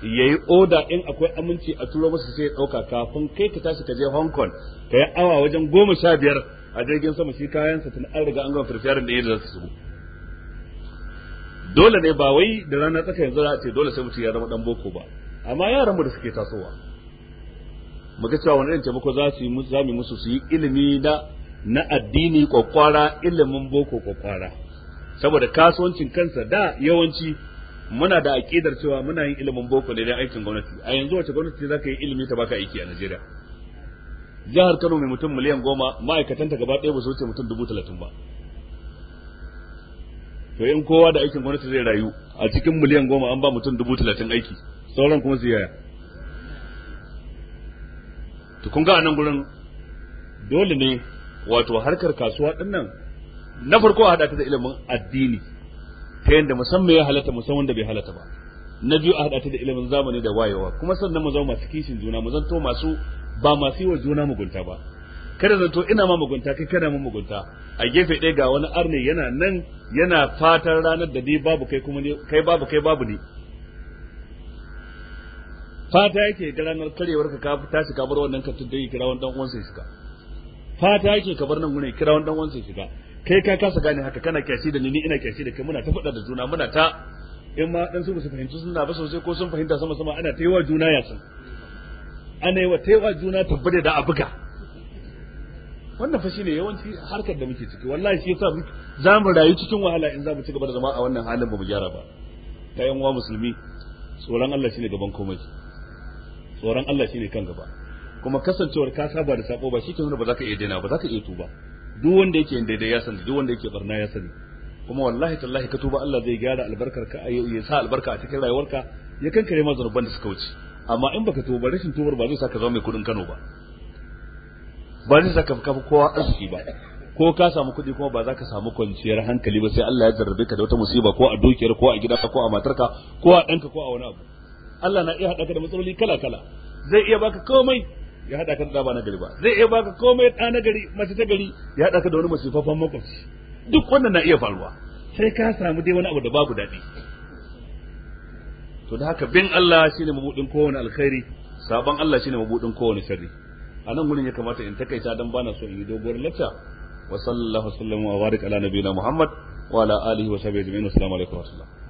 yayi oda in akwai aminci a turo masa sai ya dauka kafin kai ka tashi ka je Hong Kong ka yi awa wajen goma sha biyar a jirgin sama shi kayan sa tun an riga an gama firfiyarin da yadda za su dole ne ba wai da rana tsaka yanzu za a ce dole sai mutum ya zama dan boko ba amma yaran mu da suke tasowa ga cewa wani taimako za su yi za mu musu su yi ilimi na na addini kwakwara ilimin boko kwakwara saboda kasuwancin kansa da yawanci muna da aqidar cewa muna yin ilimin boko ne dan aikin gwamnati a yanzu wace gwamnati zaka yi ilimi ta baka aiki a Najeriya jihar Kano mai mutum miliyan goma ma'aikatanta gaba ɗaya ba su wuce mutum dubu talatin ba to in kowa da aikin gwamnati zai rayu a cikin miliyan goma an ba mutum dubu talatin aiki sauran kuma su yaya to kun ga nan gurin dole ne wato harkar kasuwa ɗin na farko a haɗa ta da ilimin addini ta yadda musamman ya halatta musamman da bai halatta ba na biyu a haɗata da ilimin zamani da wayewa kuma sannan mu zama masu kishin juna mu zanto masu ba masu yi wa juna mugunta ba kada zanto ina ma mugunta kai kada ma mugunta a gefe ɗaya ga wani arne yana nan yana fatan ranar da ni babu kai kuma ne kai babu kai babu ne fata yake ga ranar karewar ka ka tashi ka bar wannan ka tuddai kira wannan dan uwansa shiga fata yake ka bar nan gune kira wannan dan uwansa shiga kai ka kasa gane haka kana kyashi da ni ni ina kyashi da kai muna ta faɗa da juna muna ta in ma dan su ba su fahimci suna ba sosai ko sun fahimta sama sama ana ta yi wa juna ya san ana yi wa ta yi wa juna tabbata da abuga wannan fa shine yawanci harkar da muke ciki wallahi shi yasa za mu rayu cikin wahala in za mu ci gaba da zama a wannan halin ba mu gyara ba ta yan uwa musulmi tsoron Allah shine gaban komai tsoron Allah shine kan gaba kuma kasancewar ka saba da sako ba shi ke nuna ba za ka iya daina ba za ka iya tuba duk wanda yake yin daidai ya sani duk wanda yake barna ya sani kuma wallahi tallahi ka tuba Allah zai gyara albarkar ka ya sa albarka a cikin rayuwarka ya kankare ma zanuban da suka wuce amma in baka tuba rashin tubar ba zai saka zama mai kudin Kano ba ba zai saka ka kowa arziki ba ko ka samu kuɗi kuma ba za ka samu kwanciyar hankali ba sai Allah ya zarrabe ka da wata musiba ko a dukiyar ko a gida ko a matarka ko a ɗanka ko a wani abu Allah na iya haɗa ka da matsaloli kala kala zai iya baka komai ya hada ka da ba na gari ba zai iya baka komai da na gari mace ta gari ya hada ka da wani masifafan makwabci duk wannan na iya faruwa sai ka samu dai wani abu da babu daɗi to da haka bin Allah shine mabudin kowane alkhairi saban Allah shine mabudin kowane sharri a nan gurin ya kamata in takaita dan bana so in yi doguwar lacca wa sallallahu wa sallam wa barik ala nabiyina muhammad wa ala alihi wa sahbihi ajma'in assalamu alaikum wa rahmatullahi